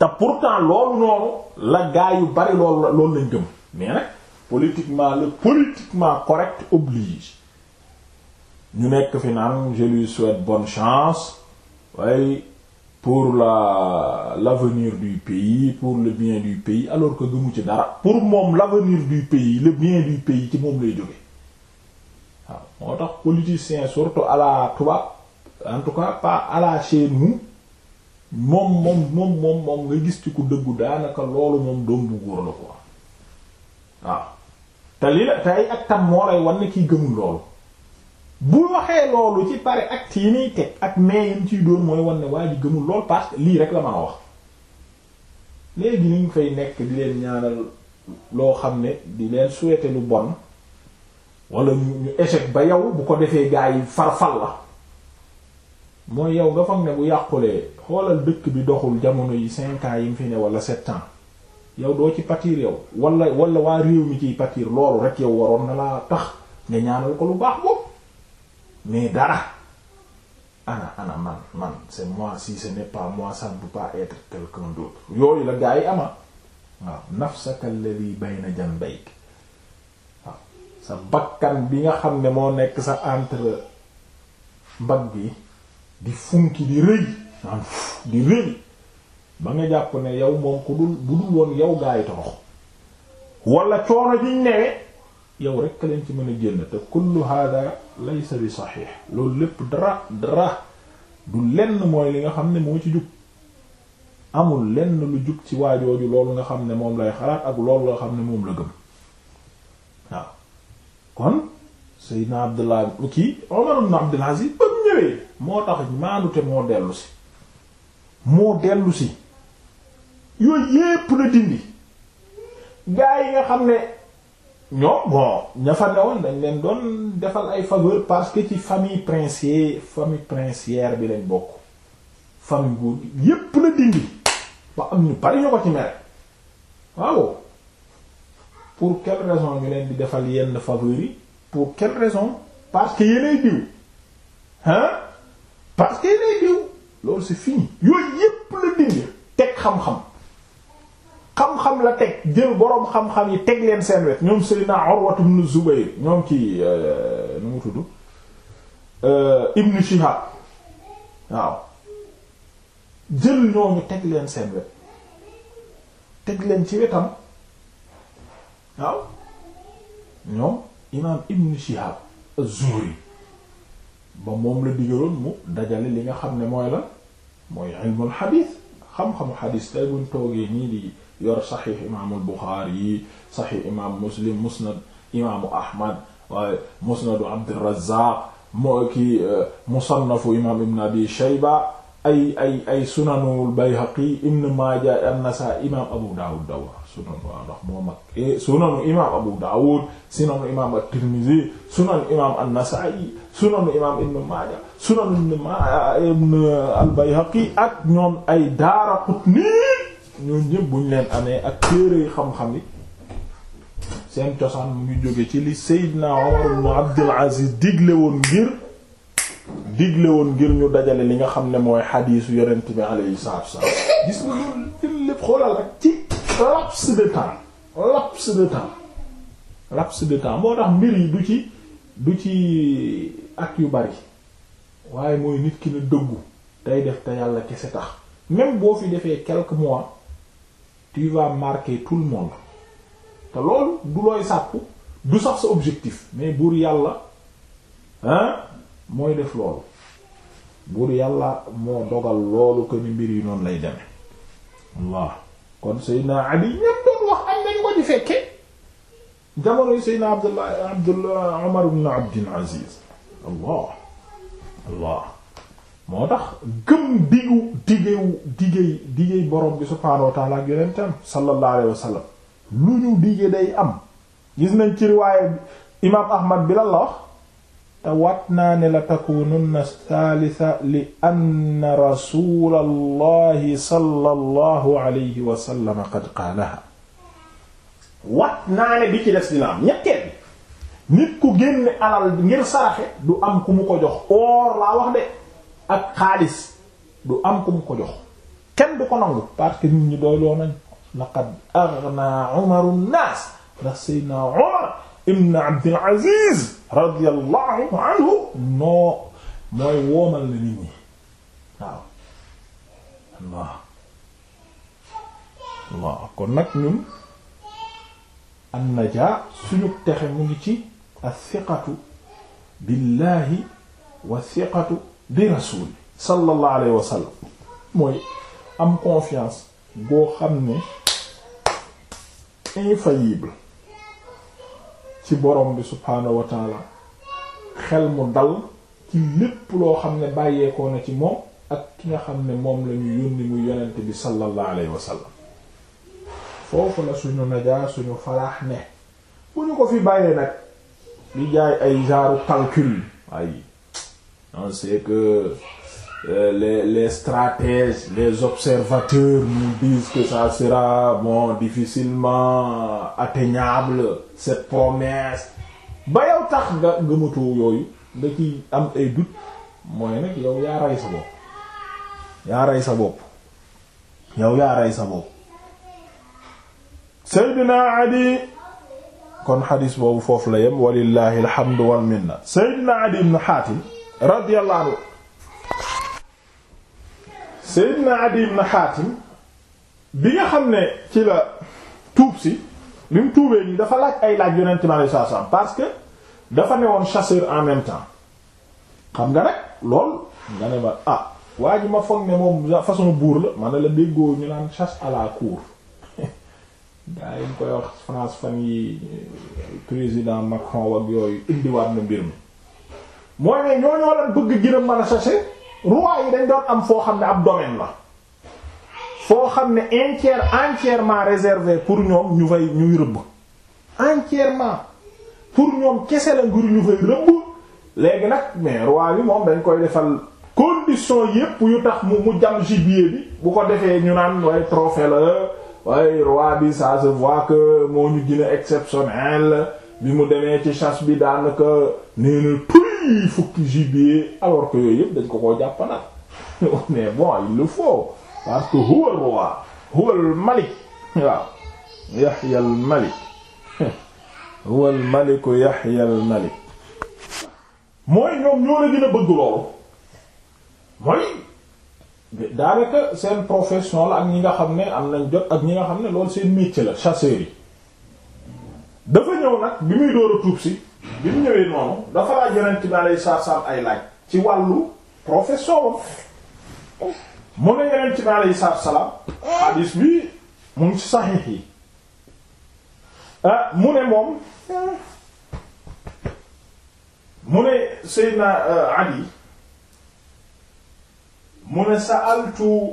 te pourtant loolu noonu la gaa yu bari loolu la loolu lañ gëm mais nag politiquement le politiquement correct oblige ñu nekk fi je lui souhaite bonne chance waaye. pour la l'avenir du pays pour le bien du pays alors que gëmu ci dara pour moom l'avenir du pays le bien du pays ci moom lay jóge waaw moo tax politicien surtout à la tubaab en tout cas pas à la chez moom moom moom moom moom nga gis ci ku dëggu daanaka loolu moom doom bu góor la quoi waaw te li la te ay ak tam moo lay wan kiy gëmul loolu bu waxee loolu ci pare actes yi teg ak mais yi ciy dóor mooy wan ne waa ji gëmul lool parce lii rek la mën a wax léegi ni ñu fay nekk di leen ñaanal loo xam ne di leen souhaiter lu bon wala ñu échec ba yow bu ko defee gaa yi farfal la mooy yow nga foog ne bu yàqulee xoolal dëkk bi doxul jamono yi cinq ans yi mu fi ne wala sept ans yow doo ci patir yow wala wala waa réew mi ciy patir loolu rek yow waroon na laa tax nga ñaanal ko lu baax boobu. mais dara ana ana man man c'est moi si ce n'est pas moi ça ne peut pas être quelqu'un d'autre yooyu la gaa yi ama waaw nafsaka alladhi bayna janbayk waaw sa bakkan bi nga xam ne moo nekk sa entre mbagg bi di funki di rëy di rëy ba nga jàpp ne yow moom ku dul bu dul woon yow gaa yi torox wala coono jiñ newee yow rekk leen ci mën a génn te kullu hada laysa bi saxiix loolu lépp dara dara du lenn mooy li nga xam ne moo ci jug amul lenn lu jug ci waajooju loolu nga xam ne moom lay xalaat ak loolu nga xam ne moom la gëm waaw kon Seydina Abdullah kii Umar ibn Abdul Aziz ba mu ñëwee moo tax maanute moo dellu si moo dellu si yooyu yépp la dindi gaa yi nga xam ne ñoom bon ña fa newoon dañ leen doon defal ay faveur parce que ci famille princière famille princière bi lañ bokk famille nguur gi yépp la dindi ba am ñu bari ñu ko ci mere waaw pour quelle raison ñu leen di defal yenn faveur yi pour quelle raison parce que yéenay diw hein parce que yéenay diw loolu c'est fini yooyu yépp la dindi teg xam-xam xam-xam la teg jël boroom xam-xam yi teg leen seen wet ñoom Seydina Urwatu ibn Zubayr ñoom ci euh, nu mu tudd euh, Ibn Shihab waaw jël ñooñu teg leen seen wet teg leen ci wetam waaw ñoom imaam Ibn Shihab az-Zuhri ba moom la digaloon mu dajale li nga xam ne mooy la mooy ilmul xadiis xam-xamu xadiis tey buñ toogee ñii di yor saxiix imaamul buxaari yi saxiix imaam muslim musnad imaamu ahmad waaye musnadu abdurrazaaq moo ki eh, musannafu imaam ibn abi shayba ay ay ay sunanul bayhaqi ibn maaja an-nasaa imaam abu daawud dawa sunan waaw ndax moo mag eh, sunanu imaam abu daawud sunanu imaam at-tirmidhi sunanu imaam an-nasa'i sunanu imaam ibn maaja sunan eh, ibn al-bayhaqi ak ñoom ay daaraqutni ñoo ñëpp buñ leen amee ak téere xam-xam yi seen cosaan mu ngi jóge ci li Seydina Omar ibn Abdul Aziz digle woon ngir digle woon ngir ñu dajale li nga xam ne mooy xadiisu yonent bi alayhi salaatu wa salaam gis nga loolu lépp xoolal ci laps de temps laps de temps laps temps moo mbir yi du ci du ci ak yu bari waaye mooy nit ki na def te yàlla kese tax même boo fi defee quelques mois tu vas marquer tout le monde te loolu du looy sàkku du sax sa objectif mais buur yàlla hein mooy def loolu buur yàlla moo dogal loolu ko ni mbir yi noonu lay deme waaw kon Seydina Ali ñépp doon wax am nañu ko di fekkee jamonoy Seydina Abdullah Abdullah Umar ibn Abdul Aziz allah allah moo tax gëm digu digewu digéey digéey borom bi subhaanahu wa taala ak yonentam sallallahu alayhi wa sallam lu ñu digee day am gis nañ ci riwaaye imaam ahmad bi la wax te wat naa ne la takununna thalitha li anna rasula allahi sallallahu alayhi wa sallam qad qaalaha wat naa ne bi ci des dina am ñetteel nit ku génn alal ngir saraxe du am ku mu ko jox oor laa wax de ak xaalis du am ku mu ko jox kenn du ko nangu parce que nit ñi doyloo nañ laqad aghna umaru nnaas ndax seydna umar ibn abdul aziz radiyallahu anhu noo mooy woomal na nit ñi waaw allah allah kon nag ñun an najaa suñu texe mu ngi ci as-siqatu billahi was-siqatu bi rasul sallallahu alayhi mooy am confiance boo xam ne infaillible ci borom bi subhaanahu wa xel mu dal ci lépp loo xam ne bàyyeekoo na ci moom ak ki nga xam ne moom la ñu yónni mu yonent bi sallallahu alayhi wa foofu la suñu najaa suñu faraax ne bu ñu ko fi bàyyee nag di jaay ay genre calcul ay on sait que euh, les les stratèges les observateurs nous disent que ça sera bon difficilement atteignable cette promesse ba yow tax nga gëmatoo yooyu nga ci am ay doute mooy nag yow yaa rey sa bopp yaa rey sa bopp yow yaa rey kon xadis boobu foofu la yem walillahi alhamdu wal minna Seydina Adi ibn Hatim radiyallahu anhu Seydina Adi ibn Hatim bi nga xam ne ci la tuub si bi tuubee nii dafa laaj ay laaj yonent mi alayhi salaam parce que dafa ne woon chasseur en même temps xam nga rek lool nga ne ma ah waa ji ma foog ne moom façon buur la ma ne la déggoo ñu naan chasse à la cour gaa yi koy wax France fan yi président Macron wak yooyu indiwaat na mbir mi mooy ne ñoo ñoo lan bëgg gën a mën a sase roi yi dañ doon am foo xam ne ab domaine la foo xam ne entière entièrement réservé pour ñoom ñu fay ñuy rëbb entièrement pour ñoom kese la ngir ñu fay rëbb léegi nag mais roi bi moom dañ koy defal condition yépp yu tax mu mu jam gibier bi bu ko defee ñu naan waaye trophée la waaye roi bi ça se voit que moo ñu gën a bi mu demee ci chasse bi daanaka nee na tuy fukki gibier alors que yooyu yëpp dañ ko koo jàppanal mais bon il le faut parce que huwa roi huwa al malik waaw Yahya al malik huwa al malik Yahya al malik mooy ñoom ñoo la gën bëgg loolu mooy daanaka seen profession la ak ñi nga xam ne am nañ jot ak ñi nga xam ne loolu seen métier la chasseurs yi dafa ñëw nag bi muy door a tuub bi mu ñëwee noonu dafa laaj yonent bi alayhi salaam ay laaj ci wàllu profession am mu ne yonent bi alayhi salaam hadis bi mu ngi ci saxiix ah, mu ne moom mu ne Seydina ah, Ali mu ne sa'altu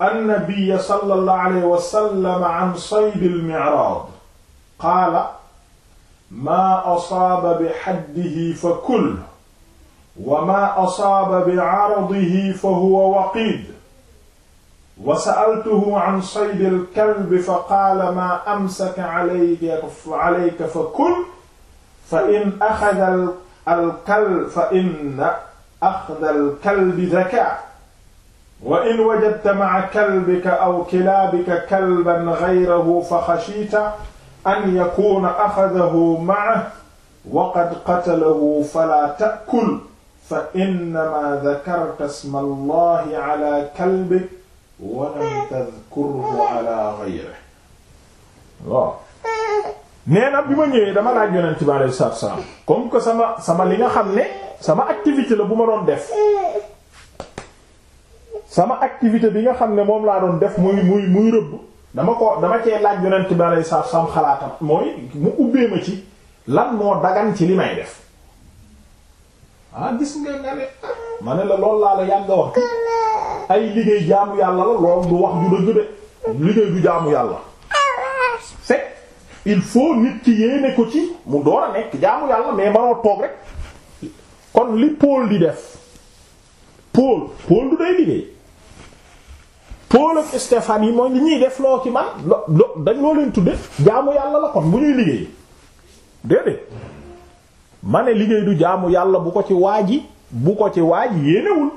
an-nabiyya sallallahu alayhi wa an sayd al qaala maa asaaba bi xaddihi fa kul wa maa asaaba bi caradihi fa huwa waqiid wa sa'altuhu can saydi alkalbi fa qaala maa amsaka calayka fa kul fa in axada alkalb fa inna axda alkalbi zakaa wa in wajadta maca kalbika aw kilaabika kalban gayrahu fa xashiita an yakuuna axadahu ma'ahu wa qad qatalahu falaa ta'kul fa innamaa dakarta isma allahi ala kalbik wa lam tadkurhu ala ghayrihi waaw nee bi ma ñëwee dama laaj yonent bi salaam comme que sama sama li nga xam ne sama activité la bu ma doon def sama activité bi nga xam ne moom laa doon def muy muy dama ko dama cee laaj yonent bi alayhi salaatu salaam xalaatam mooy mu ubbee ma ci lan moo dagan ci li may def ah gis nga nga ne ma la loolu laa la yàgg wax ay liggéey jaamu yàlla lool du wax du dëgg de liggéey du jaamu yàlla fekk il faut nit ki yéene ko ci mu door a nekk jaamu yàlla mais manoo toog rek kon li Paul di def Paul Paul du day liggéey Paul ak Stéphane mooy li ñuy def loo ci man lo dañ loo leen tudde jaamu yàlla la kon bu ñuy liggéey déedéet ma ne liggéey du jaamu yàlla bu ko ci waaji bu ko ci waaji yéenewul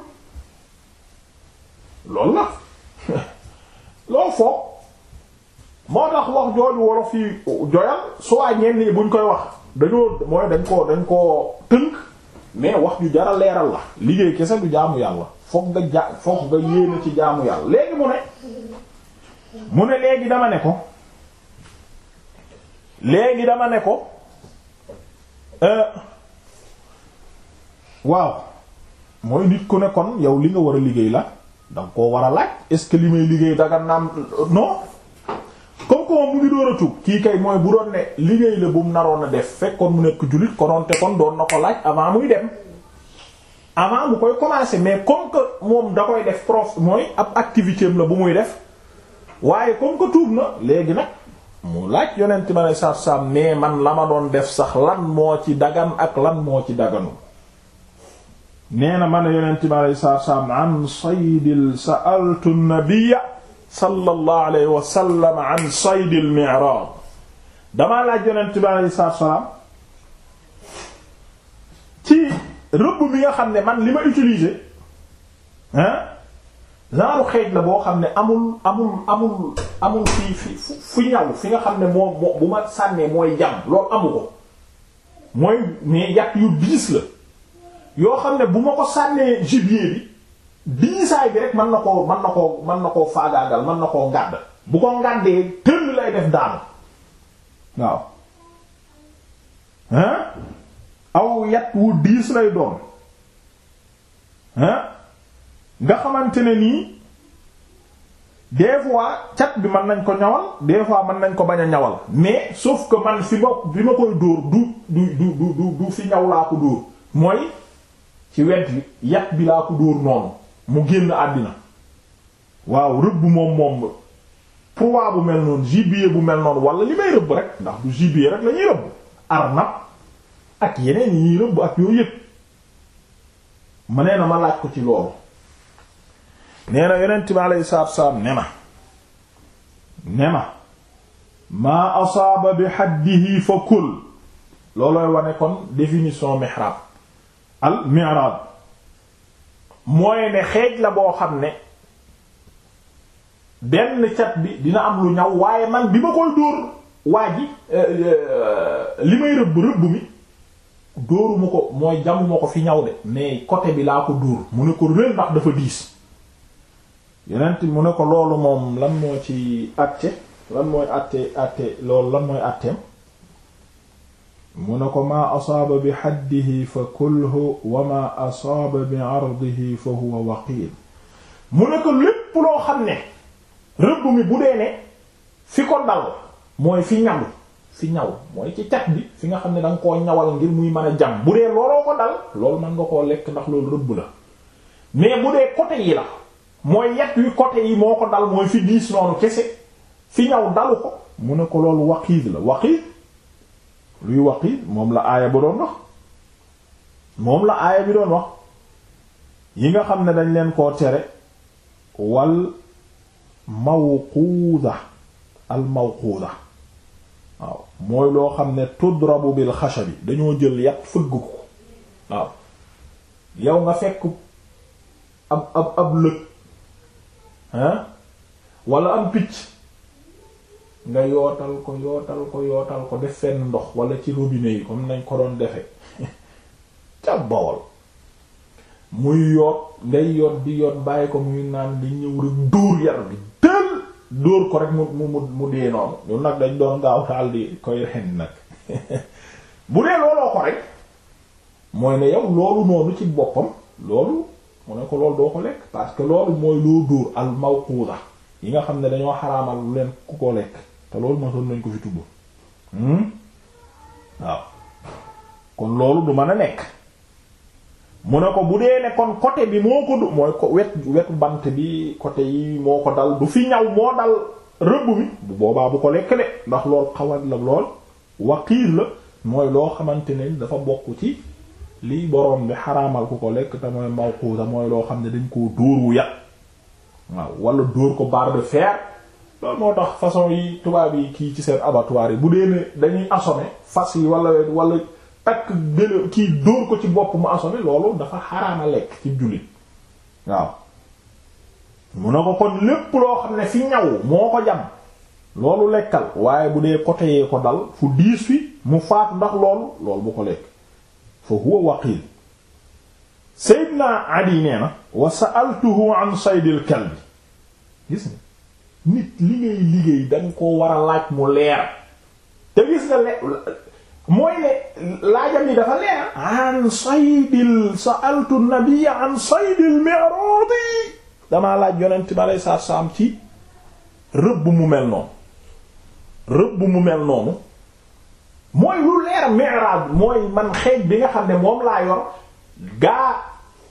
loolu la loo foog moo tax wax jooju wolof yi joyal soit ñenn yi buñ koy wax dañoo mooy dañ ko dañ ko tënk mais wax ju jara leeral la liggéey kese du jaamu yàlla foog nga ja foog nga yéene ci jaamu yàlla léegi mu ne mu ne léegi dama ne ko léegi dama ne ko euh, waaw mooy nit ku ne kon yow li nga war a liggéey la danga koo war a laaj est-ce que li may liggéey daga naam non comme comme mu ngi door a tub kii kay mooy bu doon ne liggéey la bu mu naroon a def fekkoon mu nekk jullit konoon te kon doon na ko laaj avant muy dem avant bu koy commencer mais comme que moom da koy def prof mooy ab activité la bu muy def waaye comme que tuub na léegi nag mu laaj yonent ma ne saaf mais man la ma doon def sax lan moo ci dagan ak lan moo ci daganul nee na man yonent ma ne saaf saaf an saydil sa'altu nabiyya sallallahu alayhi wa sallam damaa laaj yonent ma ne saaf saaf rëbb mi nga xam ne man li ma utiliser hein genre xeej la boo xam ne amul amul amul amul fi fi fi ñaw fi nga xam ne moo bu ma sànnee mooy jam loolu amu ko mooy mais yàq yu diis la yoo xam ne bu ma ko sànnee gibier bi diisaay bi rek mën na ko mën na koo mën na koo faagaagal mën na koo ngàdd bu ko ngàddee tëll lay def daanu waaw hein aw yat wu diis lay doon nga xamante ne nii des fois cat bi mën nañ ko ñawal des fois mën nañ ko bañ a ñawal mais sauf ko man fi ma bi ma koy dóor du du du du du fi ñaw laa ko dóor mooy ci wet bi yat bi laa ko dóor noonu mu génn àddina waaw rëbb moom moom proie bu mel noonu gibier bu mel noonu wala li may rëbb rek ndax du gibier rek la rëbb arnab ak yeneen yi ñuy rëbb ak yooyu yëpp ma nee na ma laaj ko ci loolu nee na yonent bi alayhi salaatu salaam ne ma ne ma maa asaaba bi xaddihi fa kul loolooy wane kon définition mihrab al mi'raj mooy ne xeej la boo xam ne benn cat bi dina am lu ñaw waaye man bi ma koy dóor waa ji euh, euh, li may rëbb rëbb mi dóoruma ko mooy jamuma ko fi ñaw de mais côté bi laa ko dóor mu ne ko réel ndax dafa diis yeneen mu ne ko loolu moom lan moo ci àtte lan mooy àtte àtte loolu lan mooy àtteem mu ne ko maa asaaba bi xaddihi fa kulhu wa maa asaaba bi ardihi fa huwa waqiil mu ne ko lépp loo xam ne rëbb mi bu dee ne fi ko dal mooy fi ñam fi ñaw mooy ci cat bi fi nga xam ne da koo ñawal ngir muy mën a jam bu dee looloo ko dal loolu mën nga koo lekk ndax loolu rëbb la mais bu dee côté yi la mooy yet wi côté yi moo ko dal mooy fi diis noonu kese fi ñaw dalu ko mu ne ko loolu waqiid la waqiid luy waqiid moom la aaya ba doon wax moom la aaya bi doon wax yi nga xam ne dañ leen koo tere wal mawquuda al mawquuda waaw mooy loo xam ne tudrabu bil xashabi dañoo jël yàq fëgg ko waaw yow nga fekk ab ab ab lëg hein wala am picc nga yootal ko yootal ko yootal ko def fenn ndox wala ci robinet yi comme nañ ko doon defe ca Bawol muy yoot ngay yoot di yoot bàyyi ko muy naan di ñëw rek dóor yar bi dóor ko rek mu mu mu dee noonu ñun nag dañ doon gaaw taal di koy ren nag bu dee looloo ko rek mooy ne yow loolu noonu ci boppam loolu mu ne ko loolu doo ko lekk parce que loolu mooy loo dóor al mawquda yi nga xam ne dañoo xaraamal lu leen ku ko lekk te loolu mosoon nañ ko fi tudd hmm? waaw kon loolu du mën a nekk. mu ne ko bu dee ne kon côté bi moo ko du mooy ko wet wetu bant bi côté yi moo ko dal du fi ñaw moo dal rëbb bi bu boobaa bu ko lekk de ndax lool xawat la lool waqiir la mooy loo xamante ne dafa bokk ci lii boroom bi xaraamal ku ko lekk te mooy mawquuta mooy loo xam ne dañ koo dóor wu yàq waaw wala dóor ko barre de fer loolu moo tax façon yi tubaab yi kii ci seen abattoir yi bu dee ne dañuy assommé fas yi wala wala takk gën kii dóor ko ci bopp mu assommé loolu dafa xaraama lekk ci jullit waaw mun na ko kon lépp loo xam ne fi ñaw moo ko jam loolu lekkal waaye bu dee côté yee ko dal fu diis fi mu faatu ndax loolu loolu bu ko lekk fa huwa waqil Seydina Adi nee na wa sa'altuhu an saydil kalbi gis nga nit li ngay liggéey danga ko war a laaj mu leer te gis nga le mooy ne laajam yi dafa leer an saydil sa'altu nabiyya an saydil mi'radi damaa laaj yonent bi aleyhi salaatu ci rëbb mu mel noonu rëbb mu mel noonu mooy lu leer mi'rad mooy man xeej bi nga xam ne moom laa yor gaa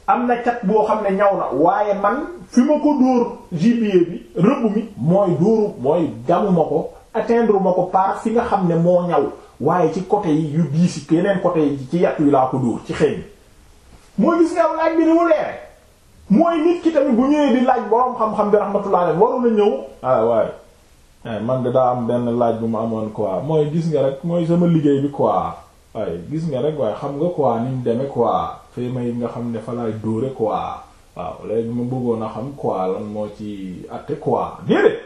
am na cat boo xam ne ñaw la waaye man fi ma ko dóor gibier bi rëbb mi mooy dóoru mooy damuma ko atteindre ma ko par fi nga xam ne moo ñaw waaye ci côté yi yu diis yi yeneen côté yi ci yàq yi laa ko dóor ci xëy mooy gis nga laaj bi ni mu leere mooy nit ki tamit bu ñëwee di laaj borom xam-xam bi rahmatullah alayhi waru na ñëw ah waaye eh, man de daa am benn laaj bu ma amoon quoi mooy gis nga rek mooy sama liggéey bi quoi waaye gis nga rek waaye xam nga quoi ni mu demee quoi fee may nga xam ne fa laay dóore quoi waaw léegi ma bëggoon a xam quoi lan moo ci atte quoi déedéet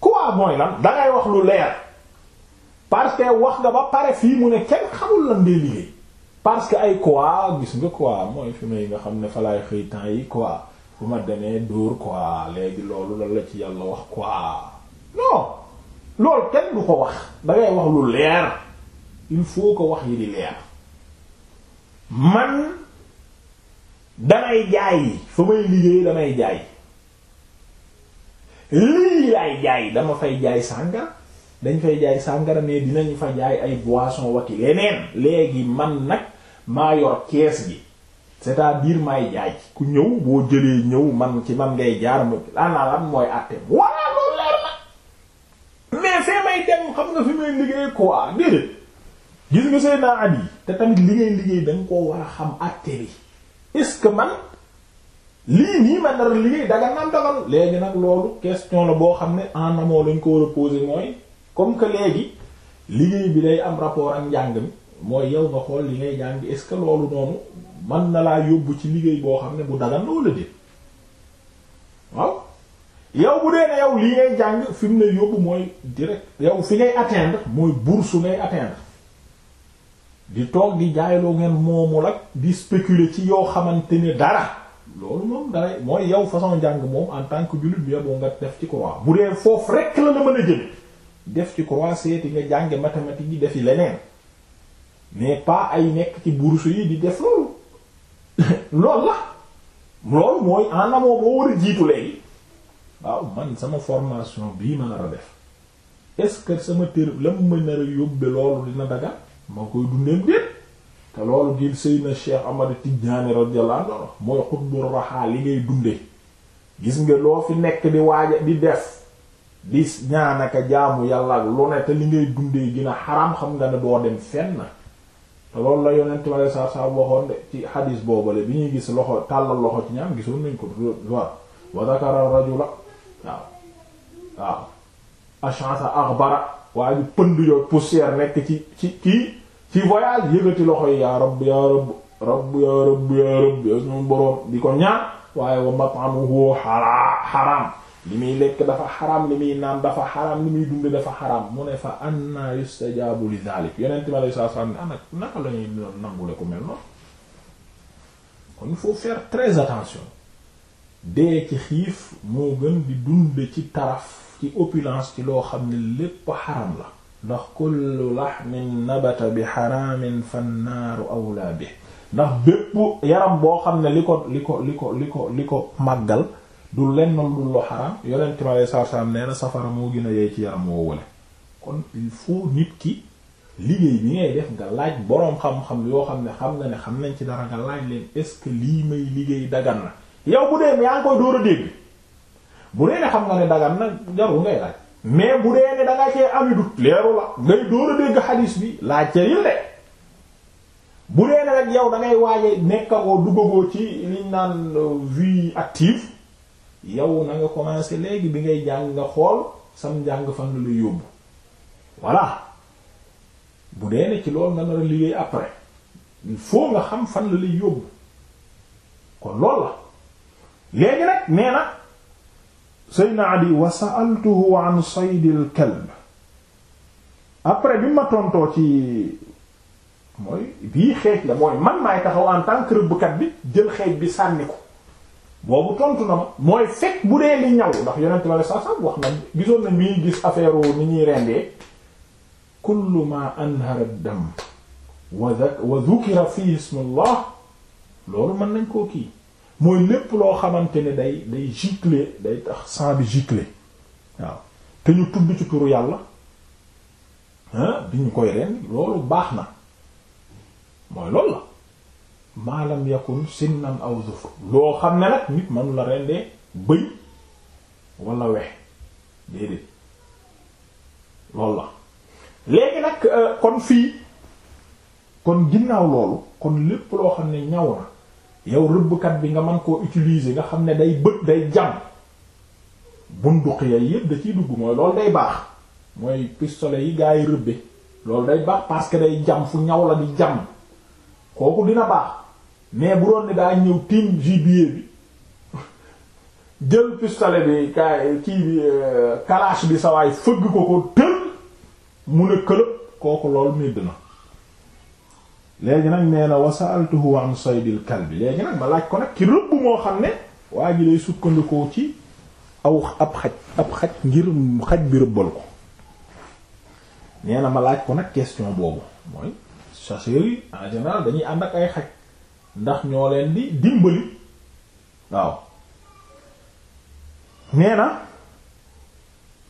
quoi wax lu leer. parce que wax nga ba pare fii mu ne kenn xamul lan ngay liggéey parce que ay quoi gis nga quoi mooy fi may nga xam ne fa laay xëy temps yi quoi bu ma demee dóor quoi léegi loolu lan la ci yàlla wax quoi non kenn du ko wax da ngay wax lu leer il faut que wax yi di leer man damay jaay fa may liggéey damay jaay lii laay jaay dama fay jaay sànga dañ fay jaay sàngara mais fa jaay ay boisson waki leneen léegi man nag maa yor kees gi c'est-à-dire maay jaay ku ñëw boo jëlee ñëw man ci man ngay jaar ma ah, mooy àtte wala loolu gis nga seen naa at yi te tamit li ngay liggéey da koo war a xam àtte bi est-ce que man lii nii ma dara liggéey daga naan dagal léegi nag loolu question la boo xam ne en amoo lañ ko war a poser mooy comme que léegi liggéey bi day am rapport ak njàng mi mooy yow nga xool li ngay jàng est-ce que loolu noonu man na laa yóbbu ci liggéey boo xam ne bu dagan loola dé waaw yow bu dee ne yow li ngay jàng fi mu ne yóbbu mooy direct yow fi ngay atteindre mooy bourse ngay atteindre di toog di jaayloo ngeen moomu ak di spéculer ci yoo xamante ni dara loolu moom dara mooy yow façon njàng moom en tant jullit bi yow nga def ci croix bu dee foofu rek la la mën a jël def ci croissetti nga jànge mathématique yi defi leneen mais pas ay nekk ci bourse yi di def loolu loolu la loolu mooy en amont war a jiitu léegi waaw man sama formation bii ma nar a def est-ce que sama tér la mu ma nar a yóbbe loolu dina daga moo koy dundeem déet te loolu gil Seydina Cheikh Ahmad Tidiane radiyallahu anhu mooy xutbu raxaa li ngay dunde gis nga loo fi nekk di waaja di def di ñaanaka jaamu yàlla ak lu ne te li ngay dundee gën a xaram xam nga ne doo dem fenn te loolu la yonent ma lay saar waxoon de ci xadiis boobale bi ñuy gis loxo tàllal loxo ci ñaan gisoon nañ ko wa zakara rajula waaw waaw ash'asa aghbara waaye ju pënd yooyu poussière nekk ci ci kii ci voyage yëgati loxo yi yaa rabb yaa rabb rabb yaa rabb yaa rabb yaa suñu boroom di ko ñaan waaye wa mat'amuhu xaraa xaraam li muy lekk dafa xaram li muy naan dafa xaram li muy dund dafa xaram mu ne fa anna yustajabu li dalik yonent saa alei saatu salaam nag naka la ñuy nangule ko mel noonu kon il faut faire très attention dee ci xiif moo gën di dund ci taraf ci opulence ci loo xam ne lépp xaram la ndax kullu lahmin nabata bi xaramin fannaaru awlaa bi ndax bépp yaram boo xam ne li ko li ko li ko li ko li ko màggal du lenn lu lu xaraam yonent ma lay sarsam nee na safara moo gën a yey ci yaram woo wale kon il faut nit ki liggéey bi ngay def nga laaj boroom xam-xam yoo xam ne xam nga ne xam nañ ci dara nga laaj leen est-ce que lii may liggéey dagan na yow bu dee yaa ngi koy door a dégg bu dee ne xam nga ne dagan na jarul ngay laaj mais bu dee ne da nga cee dut leeru la ngay door a dégg xadiis bi laaj ca yil de bu dee ne rek yow da ngay waaje nekkagoo duggagoo ci liñ naan euh, yow na nga commencé léegi bi ngay jàng nga xool sam njàng fan la lay yóbbu voilà bu dee ne ci loolu nga nar a liggéey après il faut nga xam fan la lay yóbbu kon lool la léegi nag nee na Seydina Adi wa sa'altuhu an saydil kalb après bi ma tontoo ci mooy bii xeej la mooy man maay taxawaan en tant que rëbbkat bi jël xeej bi sànni ko boobu tontu na ma mooy fekk bu dee li ñaw ndax yonent ma la saa saa wax na gisoon na mi gis affaire ni ñuy rendee kullu ma anhara dam wa wa dhukira fihi ismullah loolu mën nañ koo kii mooy lépp loo xamante ne day day gicler day tax sang bi gicler waaw te ñu tudd ci turu yàlla ah bi ñu koy rend loolu baax na mooy loolu la maalam yakun sinnan aw zufr loo xam ne nag nit manu la rendee bëy wala wex déedéet loolu la léegi nag euh, kon fii kon ginnaaw loolu kon lépp loo xam ne ñaw na yow rëbbkat bi nga mën koo utiliser nga xam ne day bët day jam bunduq ya yépp da ciy dugg mooy loolu day baax mooy pistolet yi gaa yi rëbbe loolu day baax parce que day jam fu ñaw la di jam kooku dina baax mais bu doon ne daa ñëw tiim gibier bi jël pistolet bi kaay kii bi euh, kalaas bi sawaay fëgg ko ko tël mu ne këlëb kooku lool medd na léegi nag nee na wasaltuhu an saydil kalbi léegi nag ma laaj ko nag ci rëbb moo xam ne waa ji sukkandikoo ci aw ab xaj ab xaj ngir xaj bi rëbbal ko nee na ma laaj ko nag question boobu mooy chasseurs yi en dañuy ànd ak ay xaj ndax ñoo leen di dimbali waaw nee na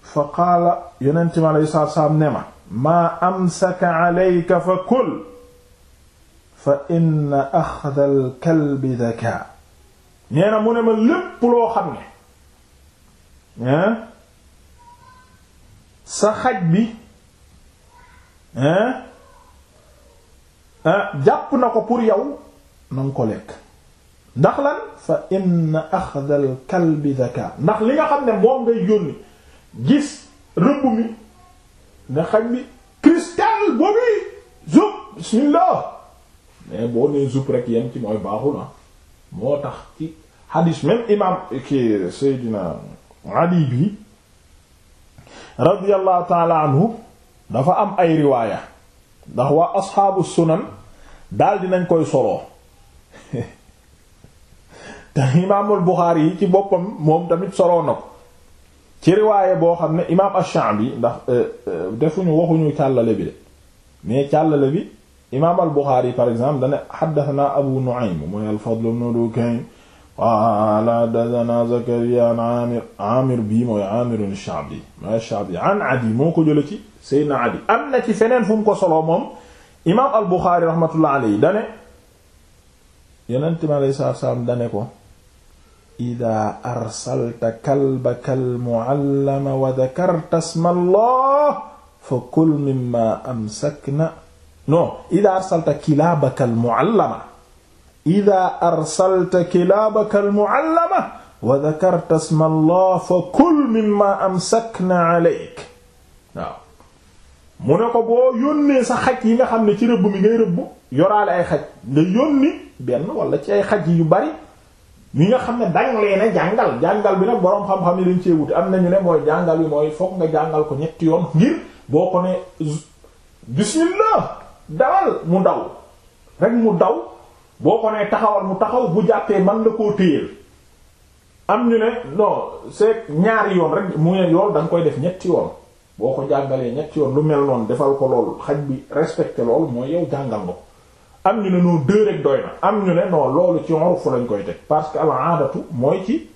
fa qaala yonent mi alayhi ne ma maa amsaka alayka fa kul fa inna axda al daka nee na mu ne ma lépp loo xam ne sa xaj bi hein ah, jàpp na ko pour yow na nga ko lekk ndax lan fa inna axdal kalbi zaka ndax li nga xam ne moom ngay yónni gis rëbb mi nga xam ni cristal boobu zup bismillah mais boo nee zup rek yem ci mooy baaxul na ah. moo tax ci hadis même imam ki Seydina Ali bi radiyallahu taala anhu dafa am ay riwaaya ndax waa asxaabu sunan daal dinañ koy soloo te imaamul Buxaari yi ci boppam moom tamit soroon na ko ci riwaaye boo xam ne imaam ash-Sha'bi ndax euh, euh, defuñu waxuñu càllale bi de mais càllale bi imaam al-Buxaari par exemple dane xaddathana Abu Nu'aym mooy al-Fadl ibn Dukayn qaala haddathana Zakariya an Aamir Aamir mooy Aamir ash-Sha'bi am na ci feneen fu ko soloo imaam al-Buxaari rahmatullah alayhi yonent mi aleyhi salaatu salaam dane ko ida arsalta kalbaka almuallama wa dakarta sma allah fa kul mimma amsakna non ida arsalta kilaabaka almuallama ida arsalta kilaabaka almuallama wa dakarta sma allah fa kul mimma amsakna aleyk waaw mu ne ko boo yónnee sa xaj yi nga xam ne ci rëbb mi ngay rëbb yoraale ay xaj nga yónni benn wala ci ay xaj yu bari ñi nga xam ne dang leen a jàngal jàngal bi nag boroom xam-xam yi dañ cee wuti am nañu ne mooy jàngal bi mooy fokk nga jàngal ko ñetti yoon ngir boo ko ne bismillah dawal mu daw rek mu daw boo ko ne taxawal mu taxaw bu jàppee man la koo téyeel am ñu ne non c'est ñaari yoon rek mu yoon da koy def ñetti yoon boo ko jàngalee ñetti yoon lu mel noonu defal ko loolu xaj bi respecté loolu mooy yow jàngal nga am ñu ne non deux rek doy na am loolu ci urf lañ koy teg parce que al aadatu mooy ci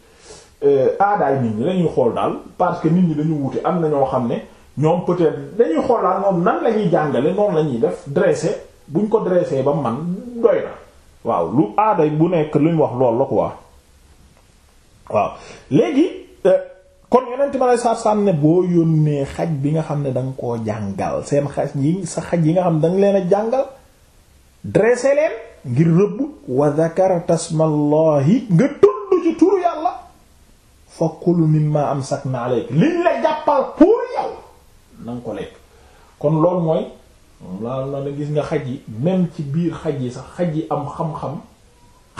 euh, aadaay nit ñi dañuy xool daal parce que nit ñi dañu wute am na ñoo xam ne ñoom peut-être dañuy xool daal moom nan la ñuy jàngale noonu la ñuy def dressé buñ ko dressé ba man doy na waaw lu aada bu nekk luñ wax loolu la quoi waaw léegi euh, kon yonent ma lay sarsam ne boo yónnee xaj bi nga xam ne da koo jàngal seen xaj yi sa xaj yi nga xam ne da leen a jàngal dressé ngir rëbb wa dhakara tasmallahi nga tudd ci turu yàlla fa kulu mimma amsakna alayk liñ la jàppal pour yow na ko lekk kon loolu mooy laa la na gis nga xaj yi même ci biir xaj yi sax xaj yi am xam-xam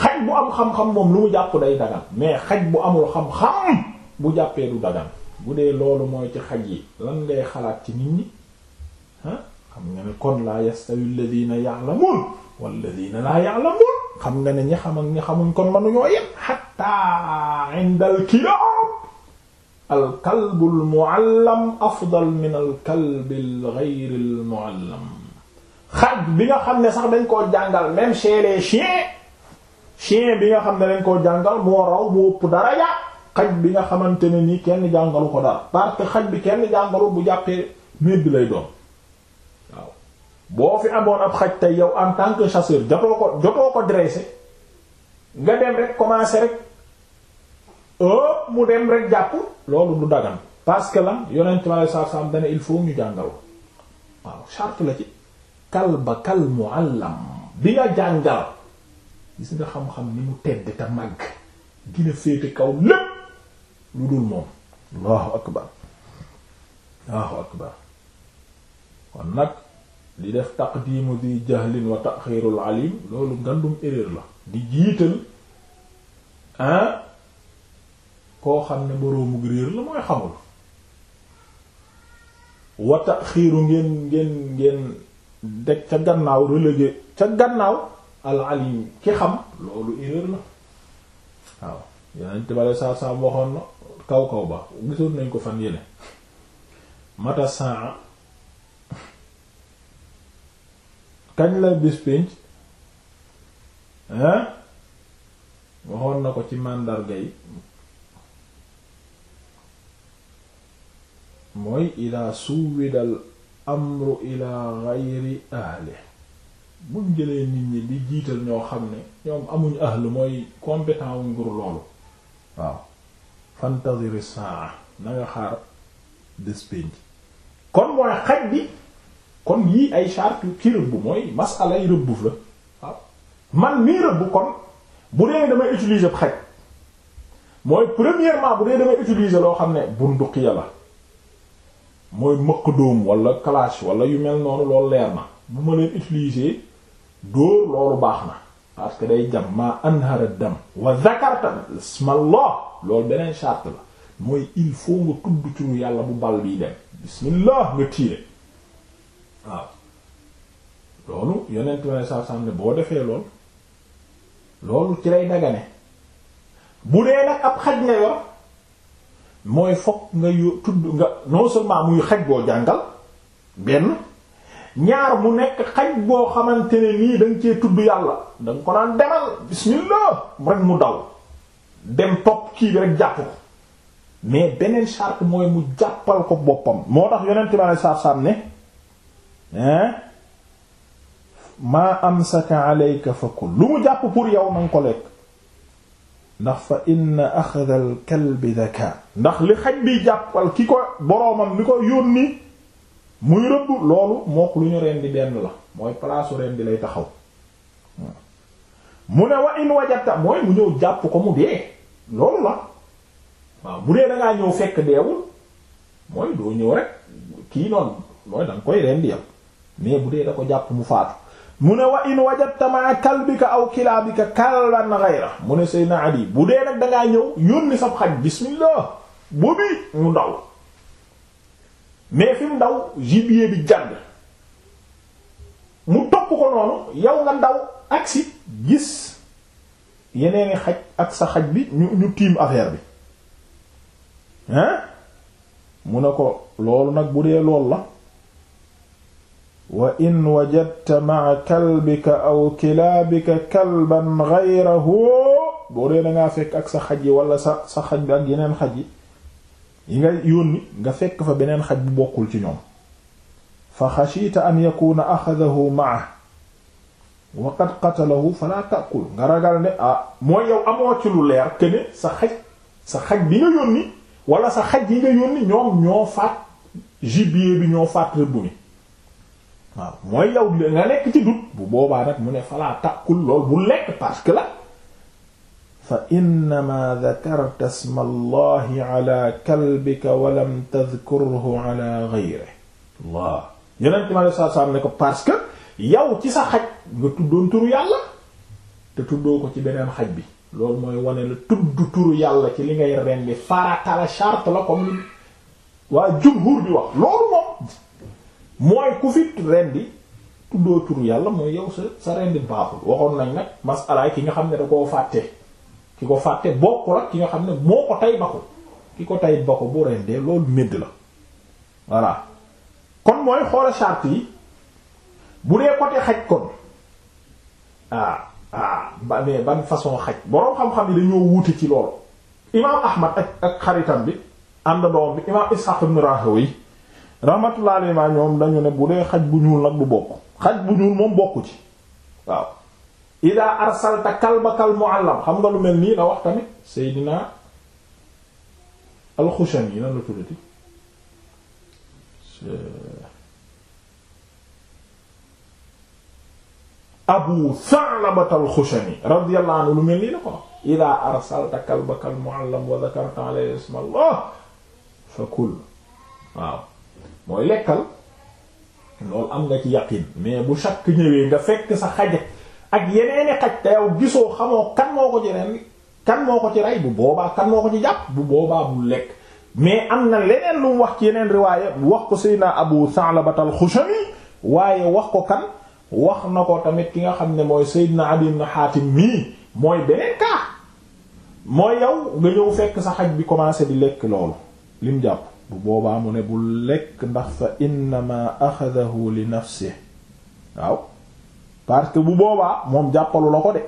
xaj bu am xam-xam moom lu mu jàpp day dagan mais xaj bu amul xam-xam bu jàppee du dagan bu loolu mooy ci xaj yi lan ngay xalaat ci nit ñi ah? xam nga ne kon laa yastawi alladhina ya'lamun walladhina laa ya'lamun xam nga ne ñi xam ak ñi xamuñ kon mënuñoo yem hatta 'inda al-kiram al-kalbu al-mu'allam afdal min al-kalbi al-ghayr al-mu'allam xaj bi nga xam ne sax dañ koo jàngal même chez les chiens chien bi nga xam ne dañ koo jàngal moo raw moo ëpp daraja xaj bi nga xamante ne nii kenn jàngalu ko dara parce que xaj bi kenn jàngalu bu jàppee mbir bi lay doon boo fi amoon ab xaj tey yow en tant que chasseur jotoo ko jotoo ko dressé nga dem rek commencé rek oh mu dem rek jàpp loolu du dagan parce que lan yonent ma lay saaf saaf dana il faut ñu jàngal waaw charte la ci kalba kal muallam bi nga jàngal gis nga xam-xam ni mu tedd te màgg gina féete kaw lépp lu dul moom allahu akbar allahu nag di def taqdimu di jahlin wa taxirul alim loolu ngandum erreur la di jiital ah koo xam ne boroomu réer la mooy xamul wa taxiiru ngeen ngeen ngeen deg ca gannaaw relégué ca gannaaw al alim ki xam loolu erreur la waaw yeneen tibale saa saa waxoon na kaw kaw ba gisoon nañ ko fan yene mata saa kañ la bis pénc hein waxoon na ko ci màndarga yi mooy ila suwidal amru ila ghayri ahli buñ jëlee nit ñi di jiital ñoo xam ne ñoom amuñ ahlu mooy compétent wuñ ngir loolu waaw fantaziri saa na xaar des kon mooy xaj bi kon yii ay charte ki rëbb mooy masala yi la waaw man mii rëbb kon bu dee damay utiliser xaj mooy premièrement bu dee damay utiliser loo xam ne bunduqiya la mooy mëq dóom walla clash wala yu mel noonu loolu leer na bu ma leen utiliser dóor loolu baax na parce que day jam ma anhara dam wa zakarta bismallah loolu beneen charte la mooy il faut nga tudd turu yàlla bu bal biy dem bismillah nga tiire waaw loolu yeneen tubaab saa saa ne boo defee lool loolu ci lay dagane bu dee nag ab xaj nga yor mooy fokk nga yo- tudd nga non seulement muy xaj boo jàngal benn ñaar mu nekk xaj boo xamante ne nii da cee tudd yàlla da nga ko naan demal bismillah rek mu daw dem topp kii bi rek jàpp ko mais beneen charte mooy mu jàppal ko boppam moo tax yeneen tubaab saa saa ne. maa amsaka alayka fa kul lu mu jàpp pour yow nanga ko lekk ndax fa inna axda al kalbi ndax li xaj bi jàppal ki ko boroomam li ko yónni muy rëbb loolu mook lu ñu rendi benn la mooy palaasu rendi lay taxaw mu ne wa in wajata mooy mu ñëw jàpp ko mu dee loolu la waaw bu dee dangaa ñëw fekk deewul mooy doo ñëw rek kii noonu mooy danga koy rendi yam mais bu dee da ko jàpp mu faatu mu ne wa in wajadta maa kalbika aw kilaabika kalban ghayra mu ne Seydina Ali bu dee nag dangaa ñëw yónni sab xaj bismillah bu bi mu ndaw mais fi mu ndaw gibier bi jàng mu topp ko noonu yow nga ndaw agsi gis yeneeni xaj ak sa xaj bi ñu ñu tiim affaire bi hein mu ne ko loolu nag bu dee lool la wa in wajadta ma'a kalbika aw kilaabika kalban ghayrahu boo dee dangaa fekk ak sa xaj yi wala sa sa xaj bi ak yeneen xaj yi yi nga yónni nga fekk fa beneen xaj bu bokkul ci ñoom fa xashiita an yakuna axadahu ma'a ah, ci lu leer que ne sa xaj sa xaj bi nga yónni wala sa xaj yi nga yónni ñoom ñoo faat gibier bi ñoo faat rëbb mi waaw mooy yow nga nekk ci dut bu boobaa nag mu ne falaa tàkkul lool bu lekk parce que la fa innama dakarta sma allahi ala kalbika walam ko parce que yow ci sa xaj nga tuddoon turu yàlla te tuddoo ko ci beneen xaj bi loolu mooy wane la tudd turu yàlla ci li ngay rendi farata la charte la comme li waa jumhur bi wax loolu moom mooy ku fit rendi tuddoo tur yàlla mooy yow sa sa rendi baaxul waxoon nañ nag masalaay ki nga xam ne da koo fàtte ki ko fàtte bokkul ak ki nga xam ne moo ko tay ba ko ki ko tay ba ko bu rendee loolu médd la voilà kon mooy xoola charte yi bu dee côté xaj kon ah ah ba mais ban façon xaj boroom xam-xam yi dañoo wuute ci loolu imaam Ahmad ak ak xaritam bi ànd doom bi imaam Ishaq ibn Rahowi rahmatullah alayhi ñoom dañu ne bu dee xaj bu ñuul nag du bokk xaj bu ñuul moom bokku ci waaw ida arsalta kalbakal muallam xam nga lu mel nii la wax tamit seydina alxushani la tuddati abu Sa'labat al-Khushani radiyallahu lu mel nii la ko idaa arsalta kalbaka al wa dhakarta alayhi isma Allah fa kul waaw mooy lekkal loolu am na ci yaqin mais bu chaque ñëwee nga fekk sa xaj ak yeneeni xaj te yow gisoo xamoo kan moo ko ci ren rey bu boobaa kan moo ko ci jàpp bu boobaa bu lekk mais am na leneen lu wax ci yeneen riwaaya wax ko Seydina Abu Sa'labata al-Khushani waaye wax ko kan wax na ko tamit ki nga xam ne mooy Seydina Adi ibn Hatim mii mooy beneen kaa mooy yow nga ñëw fekk sa xaj bi commencé di lekk loolu lim jàpp bu boobaa mu ne bu lekk ndax fa innama axadahu li nafsi waaw parce que bu boobaa moom jàppalu la ko de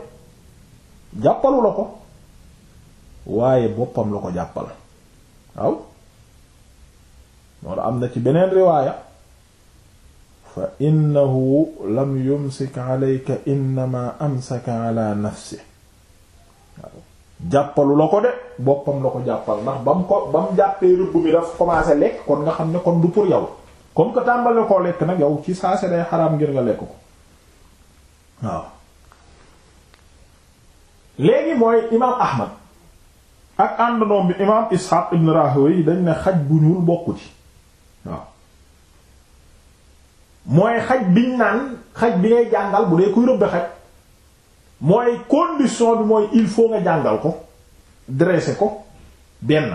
jàppalu la ko waaye boppam la ko jàppal waaw loolu am na ci beneen riwaaya fa innahu lam yumsik alayka innama amsaka ala nafsi waaw jàppalu la ko de boppam la ko jàppal ndax ba mu ko ba mu jàppee rëbb mi daf commencé lekk kon nga xam ne kon du pour yow comme que tàmbale koo lekk nag yow ci saa si day xaraam ngir nga lekk ko waaw léegi mooy imaam Ahmad ak àndandoom bi imaam Ishaq ibn Rahawayh dañ ne xaj bu ñuul bokk ci waaw mooy xaj biñ naan xaj bi ngay jàngal bu dee kuy rëbb xaj mooy condition bi mooy il faut nga jàngal ko dresser ko benn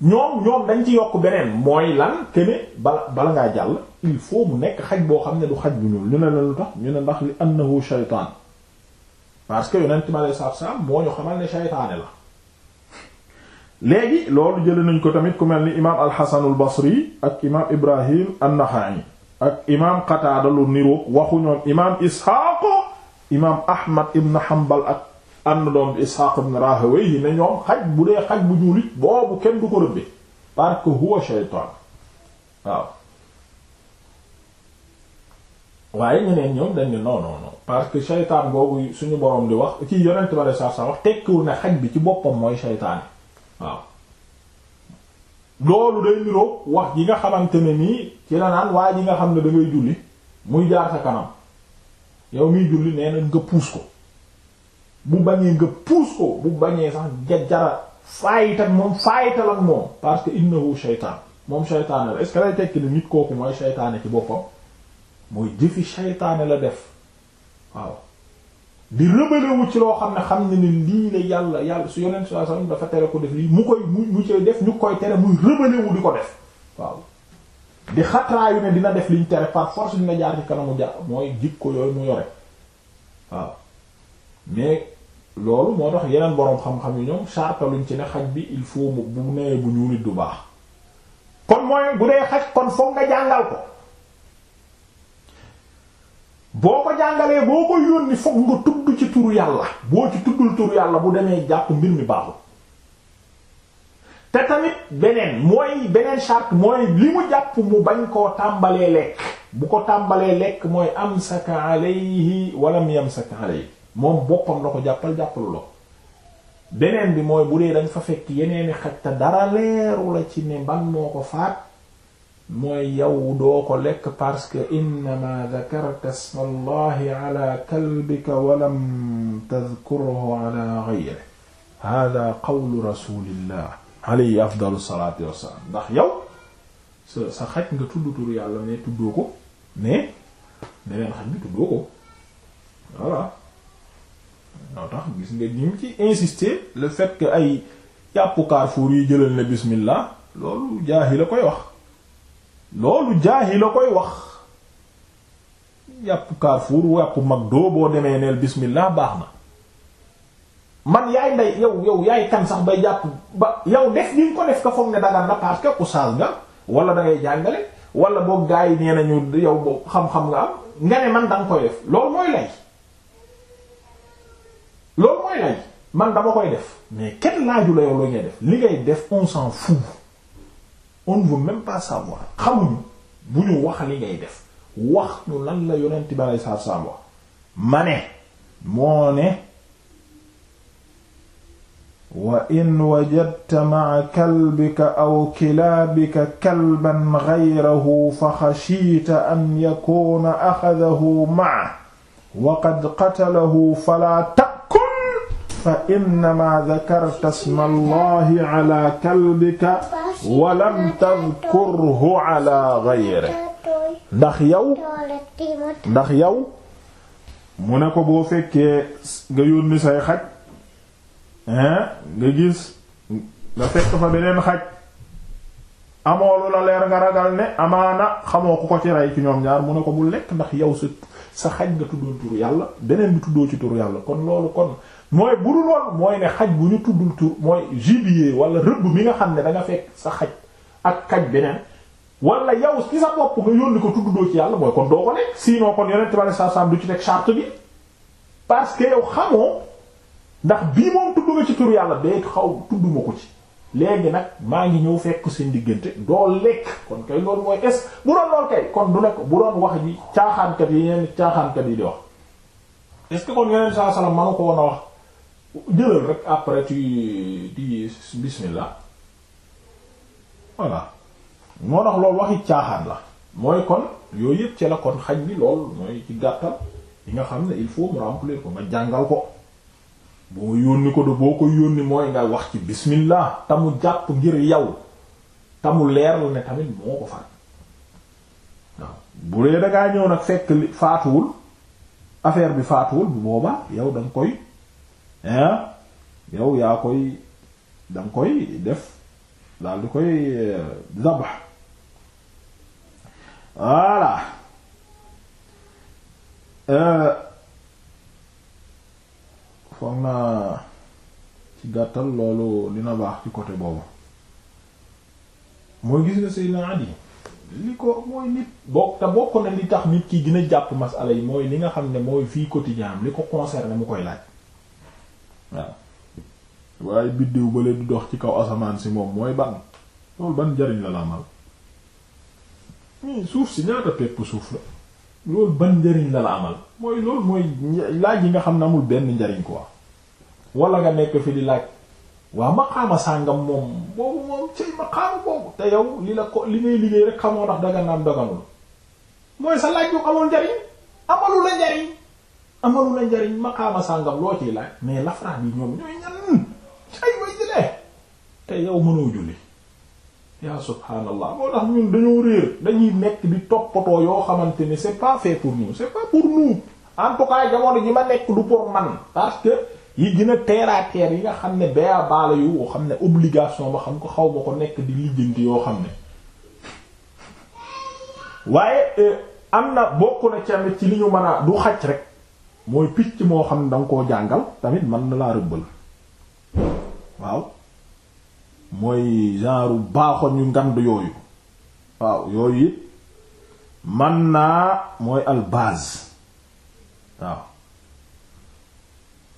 ñoom ñoom dañ ci yokk beneen mooy lan que ne bala bala ngaa jàll il faut mu nekk xaj boo xam ne du xaj bu ñuul ñu ne la tax ñu ne ndax li annahu shaytaan parce que yonent mi alayhi salaatu moo ñu xamal ne shaytaane la. léegi loolu jëlee nañ ko tamit ku mel ni imaam al basri ak imaam Ibrahim an ak imaam Qataada lu niroog waxu ñoom imaam Isxaaq imaam Ahmad ibn Hanbal ak ànd doom bi Ishaq ibn Rahawayh yi ne ñoom xaj bu dee xaj bu ñuul boobu kenn du ko rëbbee parce que huwa shaytaan waaw waaye ñeneen ñoom dañ ne non non non parce que shaytaan boobu suñu borom di wax ci yonent bale saa saa wax tekkiwul ne xaj bi ci boppam mooy shaytaan waaw loolu day niroog wax ji nga xamante ne nii ci la naan ji nga xam ne da ngay julli muy jaar sa kanam. yow miy julli nee na nga puus ko bu bañee nga puus ko bu bañee sax nga jara faayital moom faayital ak moom parce que innahu shaytaan moom shaytaane la est-ce tekki ni nit kooku mooy shaytaane ci boppam mooy jëfi shaytaane la def waaw di rëbëlewu ci loo xam ne xam ne ni lii la yàlla yàlla su yeneen sallallahu alayhi dafa tere ko def lii mu koy mu mu ci def ñu koy tere muy rëbëlewu di ko def waaw di xatraayu ne dina def liñ tere par force dina jaar ci kanamu jàpp mooy jikko yooyu mu yore waaw mais loolu moo tax yeneen boroom xam-xam yu ñoom sarta luñ ci ne xaj bi il faut mu bu nee bu ñuul du baax kon mooy bu dee xaj kon foog nga jàngal ko boo ko jàngalee boo ko yónni foog nga tudd ci turu yàlla boo ci tuddul turu yàlla bu demee jàpp mbir mi baaxul te tamit beneen mooy beneen charte mooy li mu jàpp mu bañ koo tàmbalee lekk bu ko tàmbalee lekk mooy amsaka alayhi walam yamsaka alayhi moom boppam la ko jàppal jàppalu la ko beneen bi mooy bu dee dañ fa fekk yeneeni xaj dara leeru la ci ne ban moo ko faat mooy yow doo lekk parce que innama dakarta isma allahi ala kalbika walam tadkurhu ala ghayrihi hada qawlu rasulillah alayhi afdalu salaatu wassalaam ndax yow sa sa xaj nga tudd turu yàlla ne tuddoo ko mais beneen xaj bi tuddoo ko voilà ñoo tax gis nga ni ci insister le fait que ay yàppu Carrefour yi jëlal ne bismillah loolu jaahi la koy wax loolu jaahi la koy wax yàppu Carrefour yàppu McDo boo demee neel bismillah baax na man yaay nday yow yow yaay kan sax bay jàpp ba yow def ni nga ko def ka foog ne dangaan na parce que oustaz nga wala da ngay jàngale wala boog gars yi nee nañu yow boo xam-xam nga am nga ne man da nga koy def loolu mooy lay loolu mooy lay man dama koy def mais kenn laaju la yow loo ngay def li ngay def on s'en fout on ne veut même pas savoir xamuñu bu ñu wax li ngay def wax ñu lan la yonent bi alei satu salaam wax ma ne moo ne wa in wajadta maca kalbika aw kilaabika kalban gayrahu fa xashiita an yakuuna axadahu maca wa qad qatalahu falaa takun fa innamaa dakarta sma allahi calaa kalbika wa lam tadkurhu calaa gayrihi ndax yow ndax yow mu ne ko boo fekkee nga yónni say xaj nga gis nga fekk fa beneen xaj amoolu la leer nga ragal ne amaana xamoo ku ko ci rey ci ñoom ñaar mu ne ko bu lekk ndax yow sa sa xaj nga tuddoon tur yàlla beneen bi tuddoo ci tur yàlla kon loolu kon mooy bu dul woon mooy ne xaj bu ñu tuddul tur mooy gibier wala rëbb bi nga xam ne da nga fekk sa xaj ak xaj beneen wala yow ci sa bopp nga yónni ko tuddoo ci yàlla mooy kon doo ko lekk sinon kon yonent bi sallallahu alayhi du ci nekk charte bi parce que yow ndax bii moom tudd nga ci tur yàlla beeg xaw tudduma ko ci léegi nag maa ngi ñëw fekk seen diggante doo lekk kon kay loolu mooy est bu doon lool kay kon du nekk bu doon wax ji caaxaankat yi yeneen caaxaankat yi di wax ce que kon saa salaam manu ko woon a wax jëlal rek après tu di bismillah voilà moo tax loolu waxi caaxaan la mooy kon yooyu yëpp ce la kon xaj bi lool mooy ci gàttal yi nga xam ne il faut mu remplir ko nga jàngal ko. boo yónni ko du boo ko yónni mooy nga wax ci bismillah te jàpp ngir yow te leer la ne tamit moo ko faat waaw bu dee dangaa ñëw nag fekk li faatuwul affaire bi faatuwul bu boobaa yow danga koy hein yow yaa koy danga koy def daal di koy euh, zabax voilà euh, foog naa ci gàttal loolu dina baax ci côté boobu mooy gis nga Seydina Adi li ko mooy nit bokk te bokk na li tax nit ki dina jàpp masala yi mooy li nga xam ne mooy fii vie quotidienne li ko concerné mu koy laaj waaw waaye biddiw bale du dox ci kaw asamaan si moom mooy ban loolu ban njariñ la la amal hmm, suuf si ñaata pepp suuf la loolu ban njariñ la la amal mooy loolu mooy laaj yi nga xam ne amul benn njariñ quoi wala nga nekk fi di laaj waa maqaama sàngam moom boobu moom cay maqaama boobu te yow li la ko li ngay liggéey rek xamoo ndax daga am daganul mooy sa laaj yu amul njariñ amalu la njariñ amalu la njariñ maqaama sàngam loo ciy laaj mais lafra bi ñoom ñooy ñan ay way jëlee te yow mënoo julli yaa subhaanallah moo tax ñun dañoo réer dañuy nekk di toppatoo yoo xamante ni c'est pas fait pour nous c'est pas pour nous en tout cas jamono ji ma nekk du pour man yi gën a teeraateer yi nga xam ne baa baala yu woo xam ne obligation ba xam ko xaw ma ko nekk di lijjanti yoo xam ne waaye euh, am na bokk na ci amit ci li ñu mën a du xaj rek mooy picc moo xam ne danga koo jàngal tamit man na laa rëbbal waaw mooy genre baaxoo yu ngand yooyu waaw yooyu it man naa mooy albaz waaw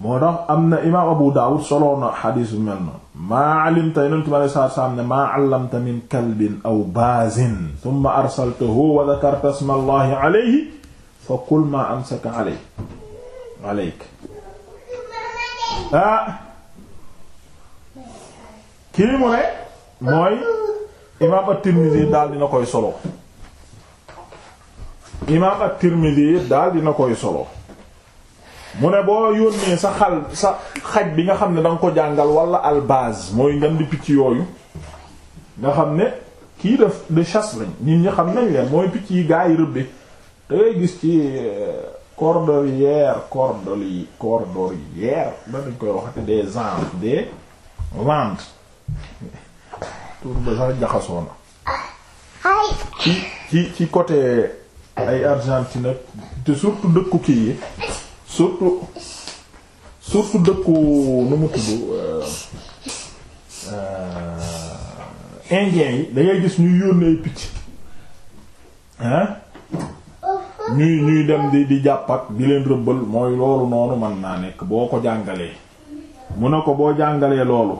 moo tax am na imaam abu daawud soloo na xadiis bu mel noonu maa alimta yonent bi alei satu salaam ne maa allamta min kalbin aw baazin thumma arsaltahu wa dhakarta isma allahi alayhi fa kul maa amsaka aley aleyk ah kii mu ne mooy imaam at-Tirmidhi daal dina koy solo imaam at-Tirmidhi daal dina koy solo mu ne boo yónnee sa xal sa xaj bi nga xam ne danga ko jàngal wala albaz mooy ngan di picc yooyu nga xam ne kii def de chasse lañ nit ñi xam nañ leen mooy picc yi gaa yi rëbbe da ngay gis ci euh, cordelière cordelier cordelière lan lañ koy waxate des anges des landes tour ba sax jaxasoo na ci ci ci côté ay Argentine te surtout dëkku kii yi surtout surtout dëkku nu mu tudd euh, euh, indien yi dangay gis ñuy yónnee picc hein ñuy dem di di jàpp ak di leen rëbbal mooy loolu noonu mën naa nekk boo ko jàngalee mu ne ko boo jàngalee loolu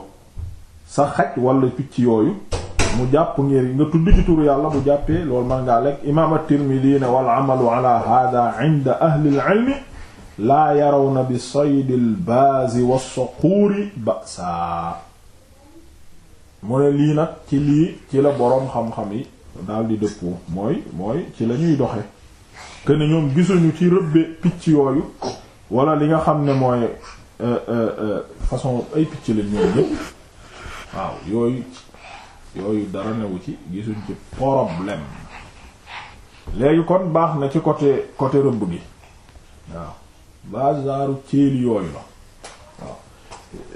sa xaj wala picc yooyu mu jàpp ngir nga tudd ci turu yàlla bu jàppee loolu mën ngaa lekk imaam at wal amalu ala hada ahli al-ilm laa yaraw na bi saydil baazi wa soquuri ba'sa mu ne lii nag ci lii ci la boroom xam-xam yi daal di dëppoo mooy mooy ci la ñuy doxe kën ñoom gisuñu ci rëbbe picc yooyu wala li nga xam ne mooy euh, euh, euh, façon ay picc la ñoom ñépp yooyu yooyu dara newu ci gisuñ ci problème léegi kon baax na ci côté côté rëbb gi waaw bazaaru céeli yooyu la waaw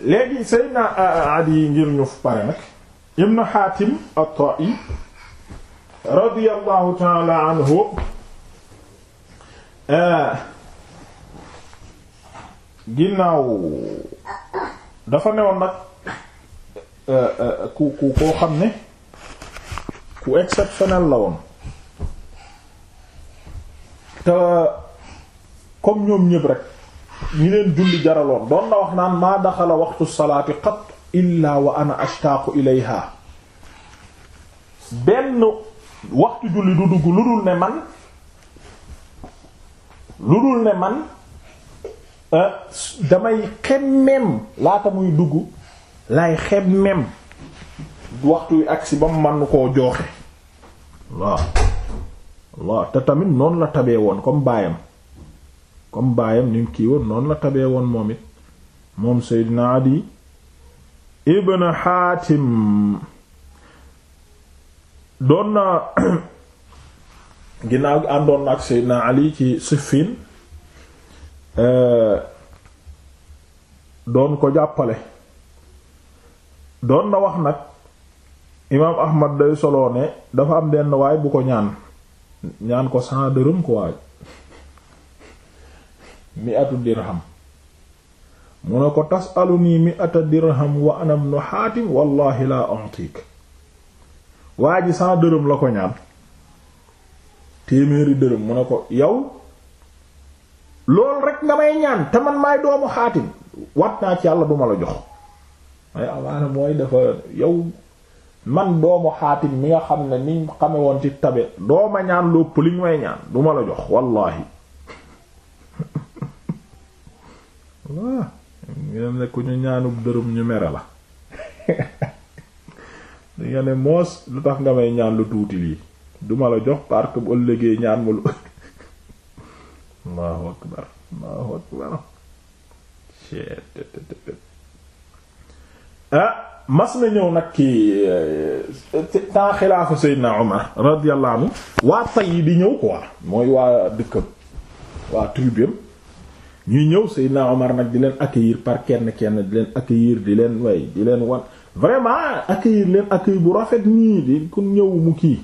léegi Seydina euh, euh, Adi ngir ñu pare nag ibnu Hatim at-Ta'i radiyallahu ta'ala anhu euh, ginnaaw dafa newoon nag ku ku koo xam ne ku exceptionnel la woon te comme ñoom ñëpp rek ñi leen julli jaraloon doon na wax naan maa daxala waxtu salaati qat illaa wa ana ashtaqu ilayha benn waxtu julli du dugg lu dul ne man lu dul ne man euh, damay xemmem laata muy dugg lay xemmem waxtu wi agsi ba mu man koo jooxe waaw waaw te tamit noonu la tabee woon comme baayam comme baayam ni mu kii woon noonu la tabee woon moom it moom Seydina Adi ibn Xaatim doon na ginnaaw gi àndoon na ak Seydina Ali ci Siffin eh, doon ko jàppale doon na wax nag imaam Ahmad day soloo dafa am benn waay bu ko ñaan ñaan ko cent ko waaj mi'atu dirham mu ne ko tasaluni mi'ata dirham wa ana ibnu xaatim wallahi la antik waa ji cent dërëm la ko ñaan téeméeri dërëm mu ne ko yow loolu rek nga may ñaan te man maay doomu xaatim wat naa ci yàlla duma la jox may amaana mooy dafa yow man doomu xaatim mi nga xam ne ni xame woon ci tabe dooma ñaan lópp liñ may ñaan duma la jox wallahi waa ngeen ne ku ñu ñaanub dërëm ñu mere la di nga ne moos lu tax nga may ñaan lu tuuti lii duma la jox parce que bu ëllëgee ñaan ma lu allahu akbar allahu akbar ah mas na ñëw nag ki euh, temps xilaafu Seydina Omar radiyallahu anhu waa tay yi di ñëw quoi mooy waa dëkkam waa tribem ñuy ñëw Seydina Omar nag di leen accueillir par kenn kenn di leen accueillir di leen way di leen wan vraiment accueillir leen accueil bu rafet nii di ku ñëw mu kii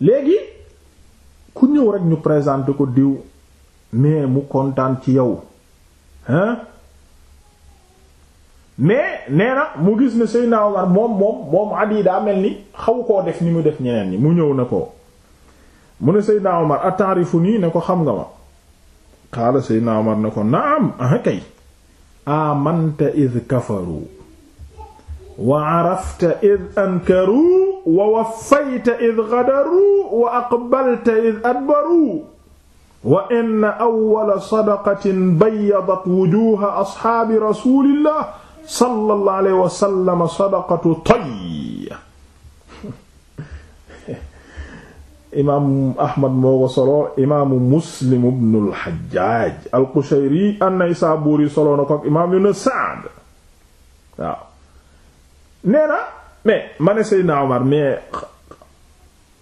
léegi ku ñëw rek ñu présenter ko diw mais mu kontaan ci yow hein mais nee na mu gis ne Seydina Omar moom moom moom adi mel ni xaw koo def ni mu def ñeneen ñi mu ñëw ne ko mu ne Seydina Omar atarifu nii ne ko xam nga ma qaala seydna omar ne ko naam aha kay amanta id kafaru wa carafta id ankaruu wa waffayta id gadaruu wa aqbalta id adbaruu wa inna awwala sadaqatin bayyadat wujuuha asxaabi rasulillah sallallahu alayhi wa sallam sadaqatu tay imaam ahmad moo ko solo imaamu muslim ibnul xajjaaj al qushayri an-naysaburi solo na ko ak imaam ibn sa'd waaw nee na mais ma ne seydna omar mais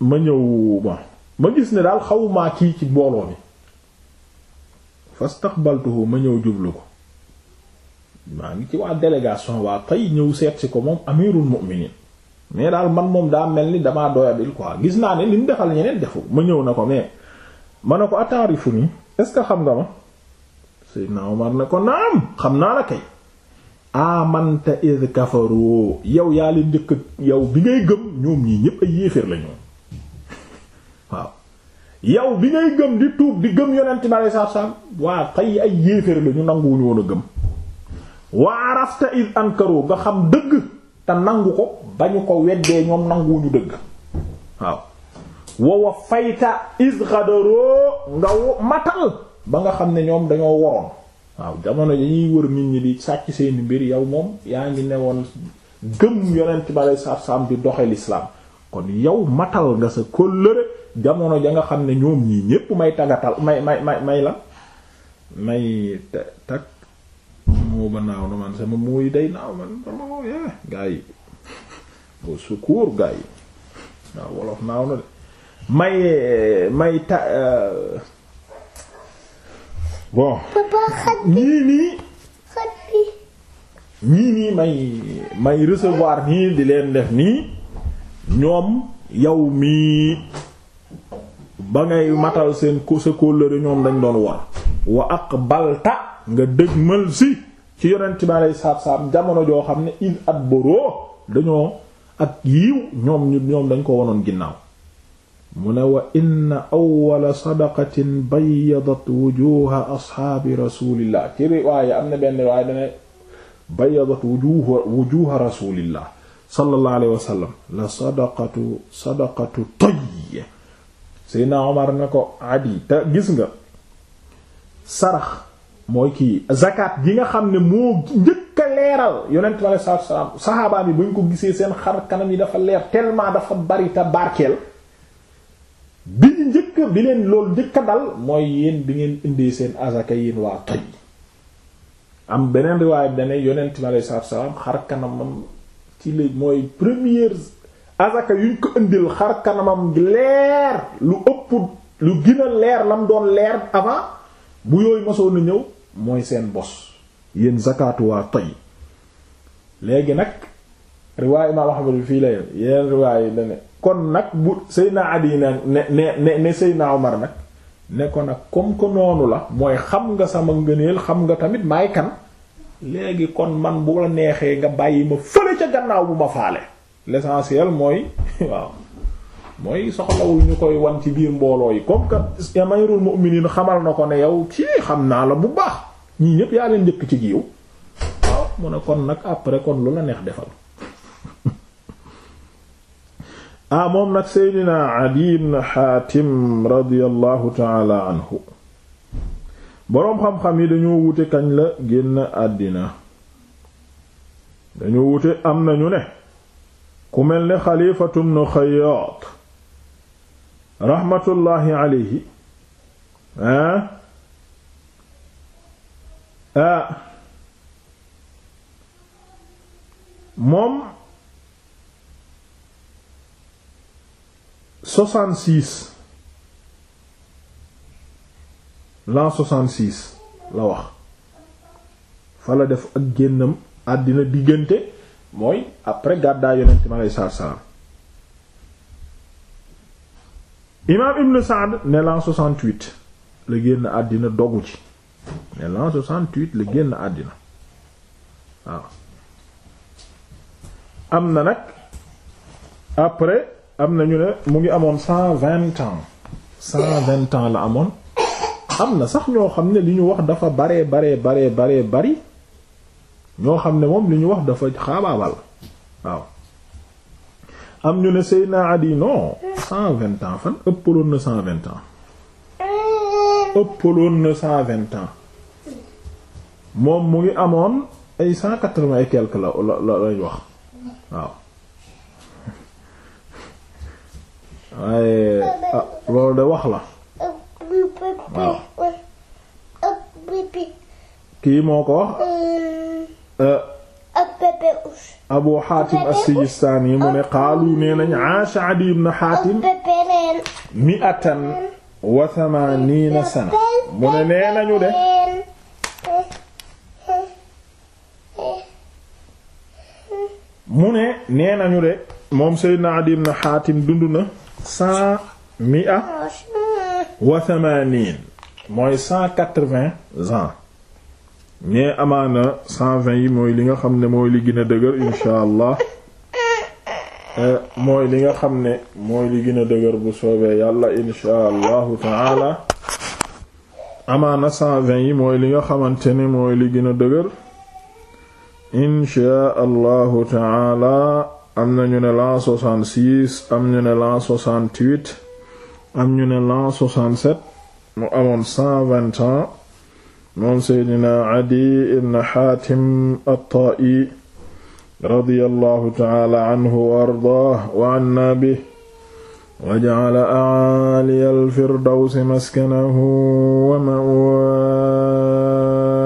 ma ñëw ma ma gis ne daal xawmaa kii ci mbooloo mi fastaqbaltuhu ma ñëw jublu ko maa ngi ci waa délégation waa tey ñëw seet si ko moom amirul mu'minin mais daal man moom daa mel ni damaa doyabil quoi gis naa ne li mu defal ñeneen defu ma ñëw na ko mais ma ne ko ataarifu ni est-ce que xam nga ma Seydina Omar ne ko naam xam naa la kay amanta id kafaru yow yaa leen njëkk yow bi ngay gëm ñoom ñii ñépp ay yéeféer la waaw yow bi ngay gëm di tuub di gëm yonent bi alei satu salaam waa tey ay yéeféer la ñu nanguwuñu woon a gëm waa rafta id ankaru nga xam dëgg te nangu ko bañu ko weddee ñoom nanguwuñu dëgg waaw wowa fayta isxadaroo nga matal ba nga xam ne ñoom dañoo waroon waaw jamono dañuy wër nit ñi di sàcc seeni mbir yow moom yaa ngi ne woon gëm yonent bi alei satu salaam di doxe lislaam kon yow matal nga sa kóllëre jamono ja nga xam ne ñoom ñii ñépp may tagatal may may may may la may tak moo ba naaw na man sama mooy day naaw man sama mooy eh, gaa yi au secours gaa yi waaw wolof naaw na de may may ta euh, bon ñii nii may may recevoir nii di leen def nii ñoom yow mii ba ngay matal seen ko sa kóllëre ñoom dañ doon war wa aqbalta nga dëgmal si ci yonent bi aleyhi salaam jamono joo xam ne in at boroo dañoo ak yiiw ñoom ñoom dañ ko wanoon ginnaaw mu ne wa inna awwala sadaqatin bayyadat wujuha asxaabi rasulillah ci riwaaye am na benn riwaaye dane bayyadat wujuha wujuha rasulillah sallallahu alayhi wa la sadaqatu sadaqatu toy Seydina Omar ne ko adi te gis nga sarax mooy kii zakat gi nga xam ne moo njëkk a leeral yonent bi alei salaatu salaam saxaabaam yi ba ñu ko gisee seen xar kanam yi dafa leer tellement dafa bari te barkeel bi ñu njëkk bi leen loolu njëkk dal mooy yéen bi ngeen indee seen azaka yéen waa toj am beneen riwaay dane yonent bi alei salaatu salaam xar kanamam ci la mooy première azaka yuñ ko indil xar kanamam leer lu ëpp lu gën leer lam doon leer avant bu yooyu masoon na ñëw mooy seen bos yéen zakatu waa tay léegi nag riwaay imaam Ahmad bi fii la yem yeneen riwaay ne kon nag bu Seydina Ali ne ne nag ne ko nag comme que noonu la mooy xam nga sama ngëneel xam nga tamit maay kan léegi kon man bu la neexee nga bàyyi ma fële ca gannaaw bu ma faale l'essentiel mooy waaw mooy soxlawul ñu koy wan ci biir mbooloo yi comme que amirul mu'minin xamal na ko ne yow ci xam naa la bu baax ñii ñëpp yaa leen njëkk ci giiw waaw mu kon nag après kon lu la neex defal ah moom nag seydina Adi ibn Xaatim radiyallahu taala anhu boroom xam-xam yi dañu wute kañ la génn àddina dañu wute am nañu ne ku mel ni xalifatu ibn Xayyaat raxmatullaahi alayhi ah ah moom soixante-six l'an soixante la wax fala def ak génnam àddina diggante mooy après gàddaay yonent mi alayhi salaatu salaam imaam Ibn Sa'd ne l'an 68 la génn àddina dogu ci ne l'an la génn àddina am na nag après am na ñu ne mu ngi amoon cent 120 ans vingt ans la amoon am na sax ñoo xam ne li ñu wax dafa baree baree baree baree bari ñoo xam ne moom li ñu wax dafa xaabaabal waaw am ñu ne Seydina Adi cent vingt ans fan ëppaloon na cent vingt ans ëppaloon na cent vingt ans moom mu ngi amoon ay cent quatre-vingt et quelque la la lañ wax waaw waaye ah loolu de wax la kii moo ko wax mm. euh, abu xaatim as-sijistaani mu ne qaalu nee nañ aasha adi ibn xaatim mi'atan wa sana mu ne nee nañu de mu ne nee nañu de xaatim dund na cent mi'a mm. wa mooy mais amaana cent vingt yi mooy li nga xam ne mooy li gën dëgër insha allah eh, mooy li nga xam ne mooy li gën a dëgër bu soobee yàlla insha allahu taala na cent vingt yi mooy li nga xamante ne mooy li gën a dëgër insha allahu taala am nañu ne l'an soixante-six am ñu ne l'an soixante-huit am ñu ne l'an soixante-sept mu amoon cent vingt ans moom seydina Adi ibn Xaatim at-Taa'i radiyallahu ta'ala anhu wa ardaah wa anna bihi wa ja'ala a'aaliya al-firdawsi maskanahu wa ma'waahu